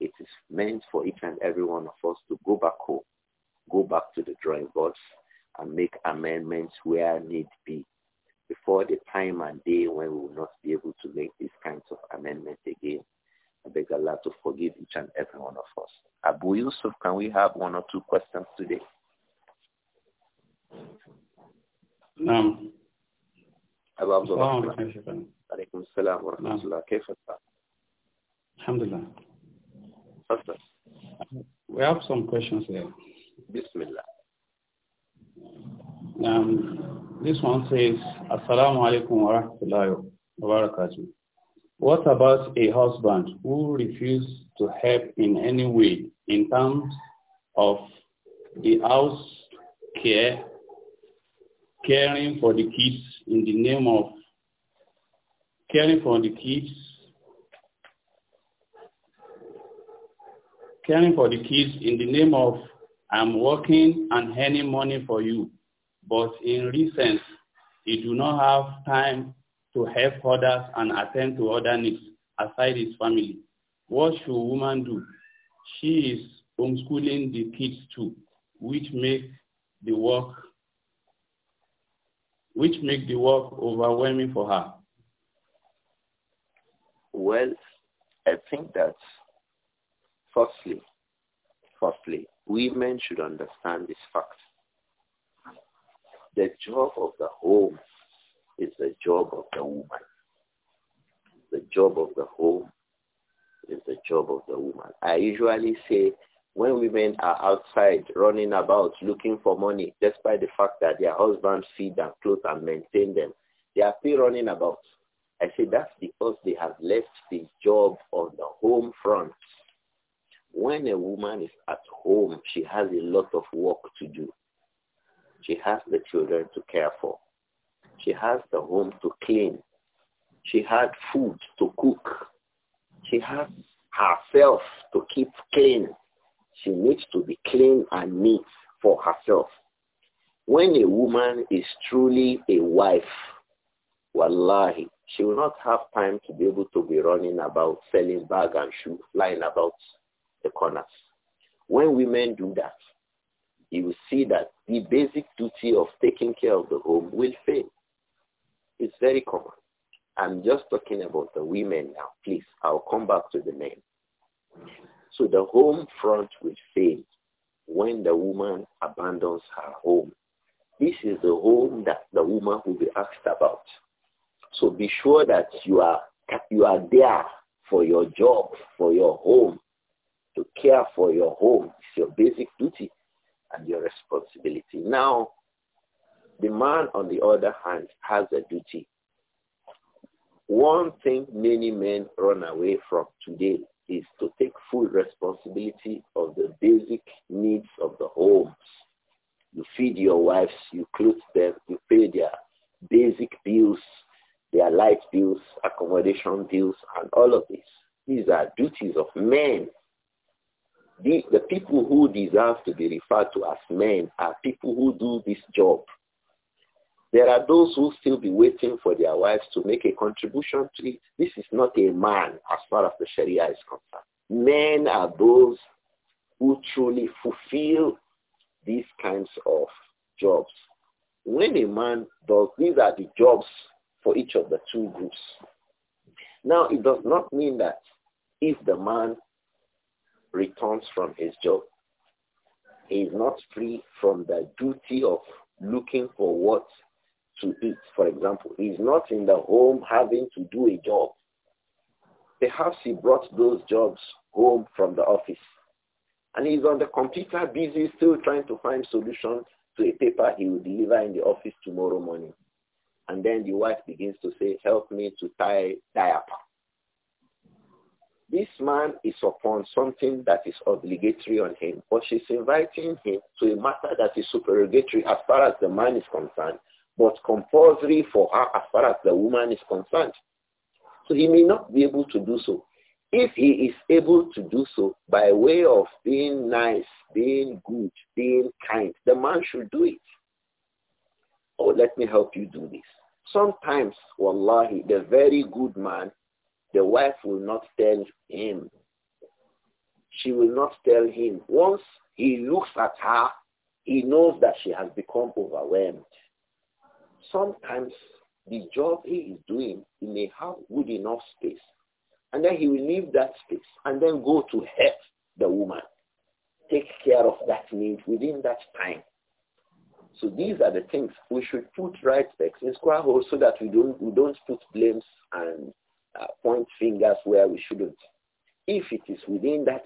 It is meant for each and every one of us to go back home, go back to the drawing boards, and make amendments where need be before the time and day when we will not be able to make these kinds of amendments again. I beg Allah to forgive each and every one of us. Abu Yusuf, can we have one or two questions today? نعم أبا عبد الله عليكم السلام ورحمة نعم. الله كيف الحمد لله We have some questions here. بسم الله um, This one says Assalamu alaikum wa What about a husband who refuses to help in any way in terms of the house care caring for the kids in the name of caring for the kids caring for the kids in the name of I'm working and earning money for you. But in recent, he do not have time to help others and attend to other needs aside his family. What should woman do? She is homeschooling the kids too, which makes the work which make the work overwhelming for her? Well, I think that firstly, firstly, women should understand this fact. The job of the home is the job of the woman. The job of the home is the job of the woman. I usually say when women are outside running about looking for money, despite the fact that their husbands feed and clothe and maintain them, they are still running about. I say that's because they have left the job on the home front. When a woman is at home, she has a lot of work to do. She has the children to care for. She has the home to clean. She has food to cook. She has herself to keep clean she needs to be clean and neat for herself. When a woman is truly a wife, wallahi, she will not have time to be able to be running about selling bag and shoe, flying about the corners. When women do that, you will see that the basic duty of taking care of the home will fail. It's very common. I'm just talking about the women now. Please, I'll come back to the men. So the home front will fail when the woman abandons her home. This is the home that the woman will be asked about. So be sure that you are, you are there for your job, for your home, to care for your home. It's your basic duty and your responsibility. Now, the man, on the other hand, has a duty. One thing many men run away from today is to take full responsibility of the basic needs of the homes. You feed your wives, you clothe them, you pay their basic bills, their light bills, accommodation bills, and all of this. These are duties of men. The, the people who deserve to be referred to as men are people who do this job. There are those who still be waiting for their wives to make a contribution to it. This is not a man as far as the Sharia is concerned. Men are those who truly fulfill these kinds of jobs. When a man does, these are the jobs for each of the two groups. Now, it does not mean that if the man returns from his job, he is not free from the duty of looking for what to eat, for example, is not in the home having to do a job. Perhaps he brought those jobs home from the office. And he's on the computer busy still trying to find solutions to a paper he will deliver in the office tomorrow morning. And then the wife begins to say, help me to tie diaper. This man is upon something that is obligatory on him, but she's inviting him to a matter that is supererogatory as far as the man is concerned but compulsory for her as far as the woman is concerned. So he may not be able to do so. If he is able to do so by way of being nice, being good, being kind, the man should do it. Oh, let me help you do this. Sometimes, wallahi, the very good man, the wife will not tell him. She will not tell him. Once he looks at her, he knows that she has become overwhelmed sometimes the job he is doing, he may have good enough space. And then he will leave that space and then go to help the woman. Take care of that need within that time. So these are the things we should put right specs in square holes so that we don't, we don't put blames and uh, point fingers where we shouldn't. If it is within that,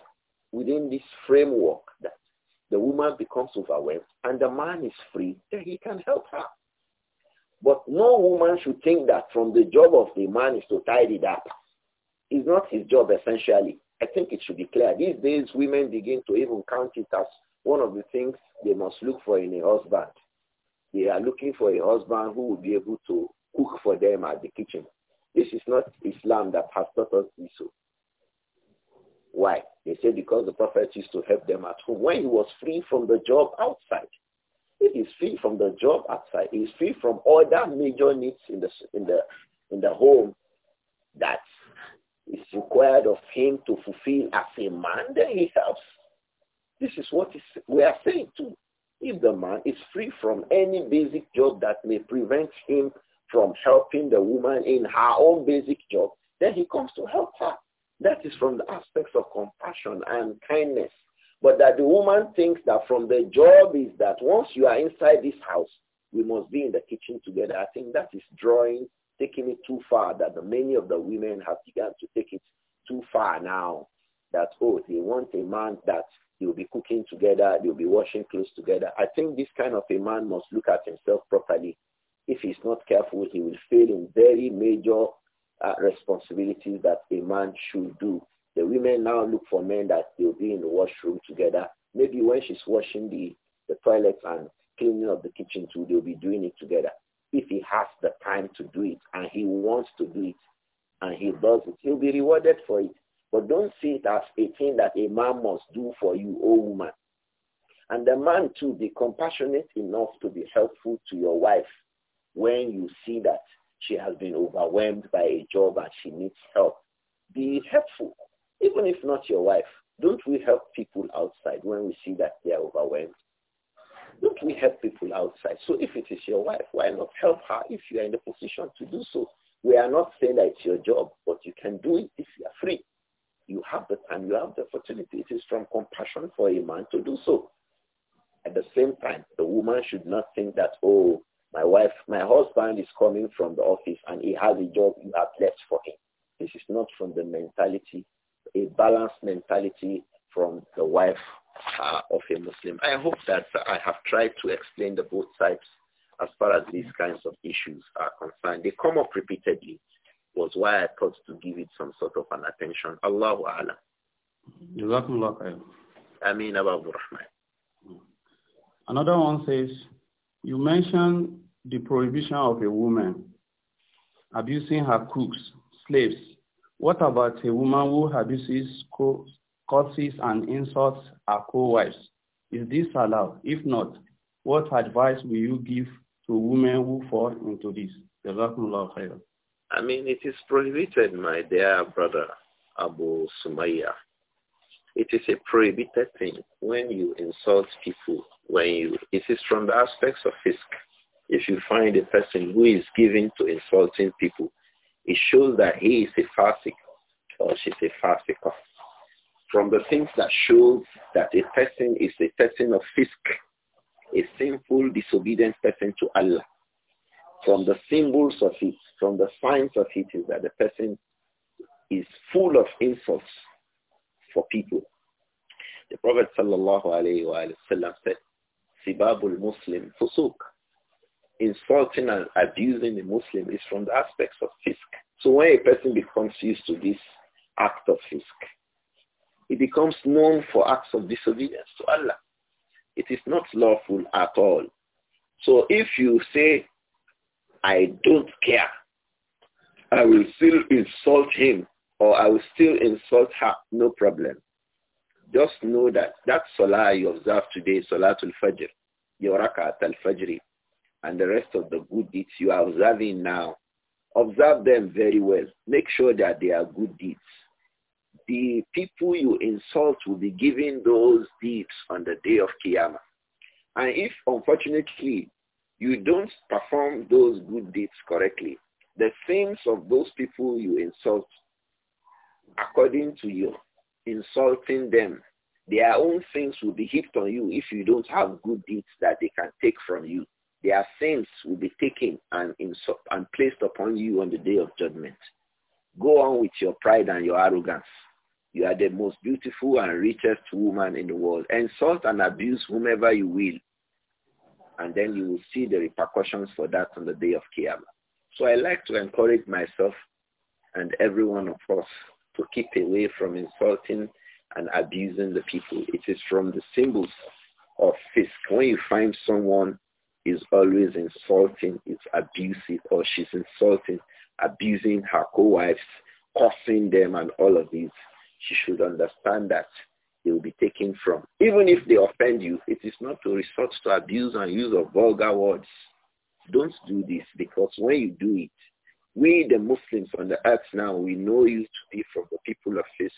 within this framework that the woman becomes overwhelmed and the man is free, then he can help her. But no woman should think that from the job of the man is to tidy it up. It's not his job essentially. I think it should be clear. These days, women begin to even count it as one of the things they must look for in a husband. They are looking for a husband who will be able to cook for them at the kitchen. This is not Islam that has taught us this. Oh. Why? They say because the Prophet used to help them at home when he was free from the job outside. He is free from the job outside. He is free from other major needs in the in the in the home that is required of him to fulfill as a man. Then he helps. This is what is, we are saying too. If the man is free from any basic job that may prevent him from helping the woman in her own basic job, then he comes to help her. That is from the aspects of compassion and kindness. But that the woman thinks that from the job is that once you are inside this house, we must be in the kitchen together. I think that is drawing, taking it too far, that the, many of the women have begun to take it too far now. That, oh, they want a man that they'll be cooking together, they'll be washing clothes together. I think this kind of a man must look at himself properly. If he's not careful, he will fail in very major uh, responsibilities that a man should do. The women now look for men that they'll be in the washroom together. Maybe when she's washing the, the toilets and cleaning up the kitchen too, they'll be doing it together. If he has the time to do it and he wants to do it and he does it, he'll be rewarded for it. But don't see it as a thing that a man must do for you, oh woman. And the man too, be compassionate enough to be helpful to your wife when you see that she has been overwhelmed by a job and she needs help. Be helpful. Even if not your wife, don't we help people outside when we see that they are overwhelmed? Don't we help people outside? So if it is your wife, why not help her if you are in the position to do so? We are not saying that it's your job, but you can do it if you are free. You have the time, you have the opportunity. It is from compassion for a man to do so. At the same time, the woman should not think that, oh, my wife, my husband is coming from the office and he has a job you have left for him. This is not from the mentality a balanced mentality from the wife uh, of a Muslim. I hope that I have tried to explain the both sides as far as these kinds of issues are concerned. They come up repeatedly was why I thought to give it some sort of an attention. Allahu A'lam. Jazakumullah khair. Ameen Another one says, you mentioned the prohibition of a woman abusing her cooks, slaves, what about a woman who abuses, curses, and insults her co-wives? Is this allowed? If not, what advice will you give to women who fall into this? I mean, it is prohibited, my dear brother Abu Sumaya. It is a prohibited thing when you insult people. When you, it is from the aspects of fisk. If you find a person who is given to insulting people, it shows that he is a fasik or she's a fasiqah. From the things that shows that a person is a person of fisk, a sinful, disobedient person to Allah. From the symbols of it, from the signs of it is that the person is full of insults for people. The Prophet sallallahu alayhi wa sallam said, Sibabul Muslim fusuk insulting and abusing a Muslim is from the aspects of fisk. So when a person becomes used to this act of fisk, he becomes known for acts of disobedience to Allah. It is not lawful at all. So if you say, I don't care, I will still insult him or I will still insult her, no problem. Just know that that salah you observe today, Salatul Fajr, your rakat al fajri and the rest of the good deeds you are observing now, observe them very well. Make sure that they are good deeds. The people you insult will be given those deeds on the day of Qiyamah. And if, unfortunately, you don't perform those good deeds correctly, the sins of those people you insult, according to you, insulting them, their own sins will be heaped on you if you don't have good deeds that they can take from you. Their sins will be taken and, and placed upon you on the day of judgment. Go on with your pride and your arrogance. You are the most beautiful and richest woman in the world. Insult and abuse whomever you will. And then you will see the repercussions for that on the day of Qiyamah. So I like to encourage myself and every one of us to keep away from insulting and abusing the people. It is from the symbols of fisk. When you find someone is always insulting, is abusive, or she's insulting, abusing her co-wives, cursing them and all of these, she should understand that they will be taken from. Even if they offend you, it is not to resort to abuse and use of vulgar words. Don't do this because when you do it, we the Muslims on the earth now, we know you to be from the people of Fisk.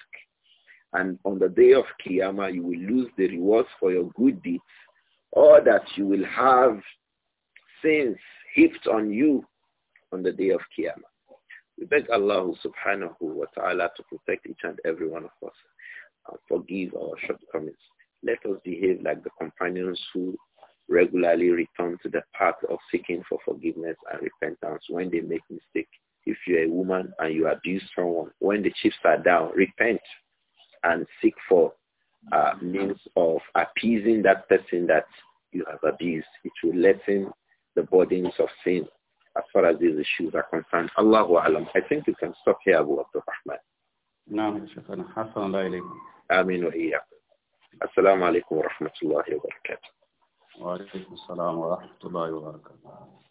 And on the day of Qiyamah, you will lose the rewards for your good deeds or that you will have sins heaped on you on the day of Qiyamah. We beg Allah subhanahu wa ta'ala to protect each and every one of us and forgive our shortcomings. Let us behave like the companions who regularly return to the path of seeking for forgiveness and repentance when they make mistake. If you're a woman and you abuse someone, when the chips are down, repent and seek for uh, means of appeasing that person that you have abused. It will lessen the burdens of sin as far as these issues are concerned. Allahu Alam. I think we can stop here, Abu Abdul Rahman. نعم شكرا حسن Assalamu alaikum آمين وإياكم Wa عليكم وعليكم السلام ورحمة الله وبركاته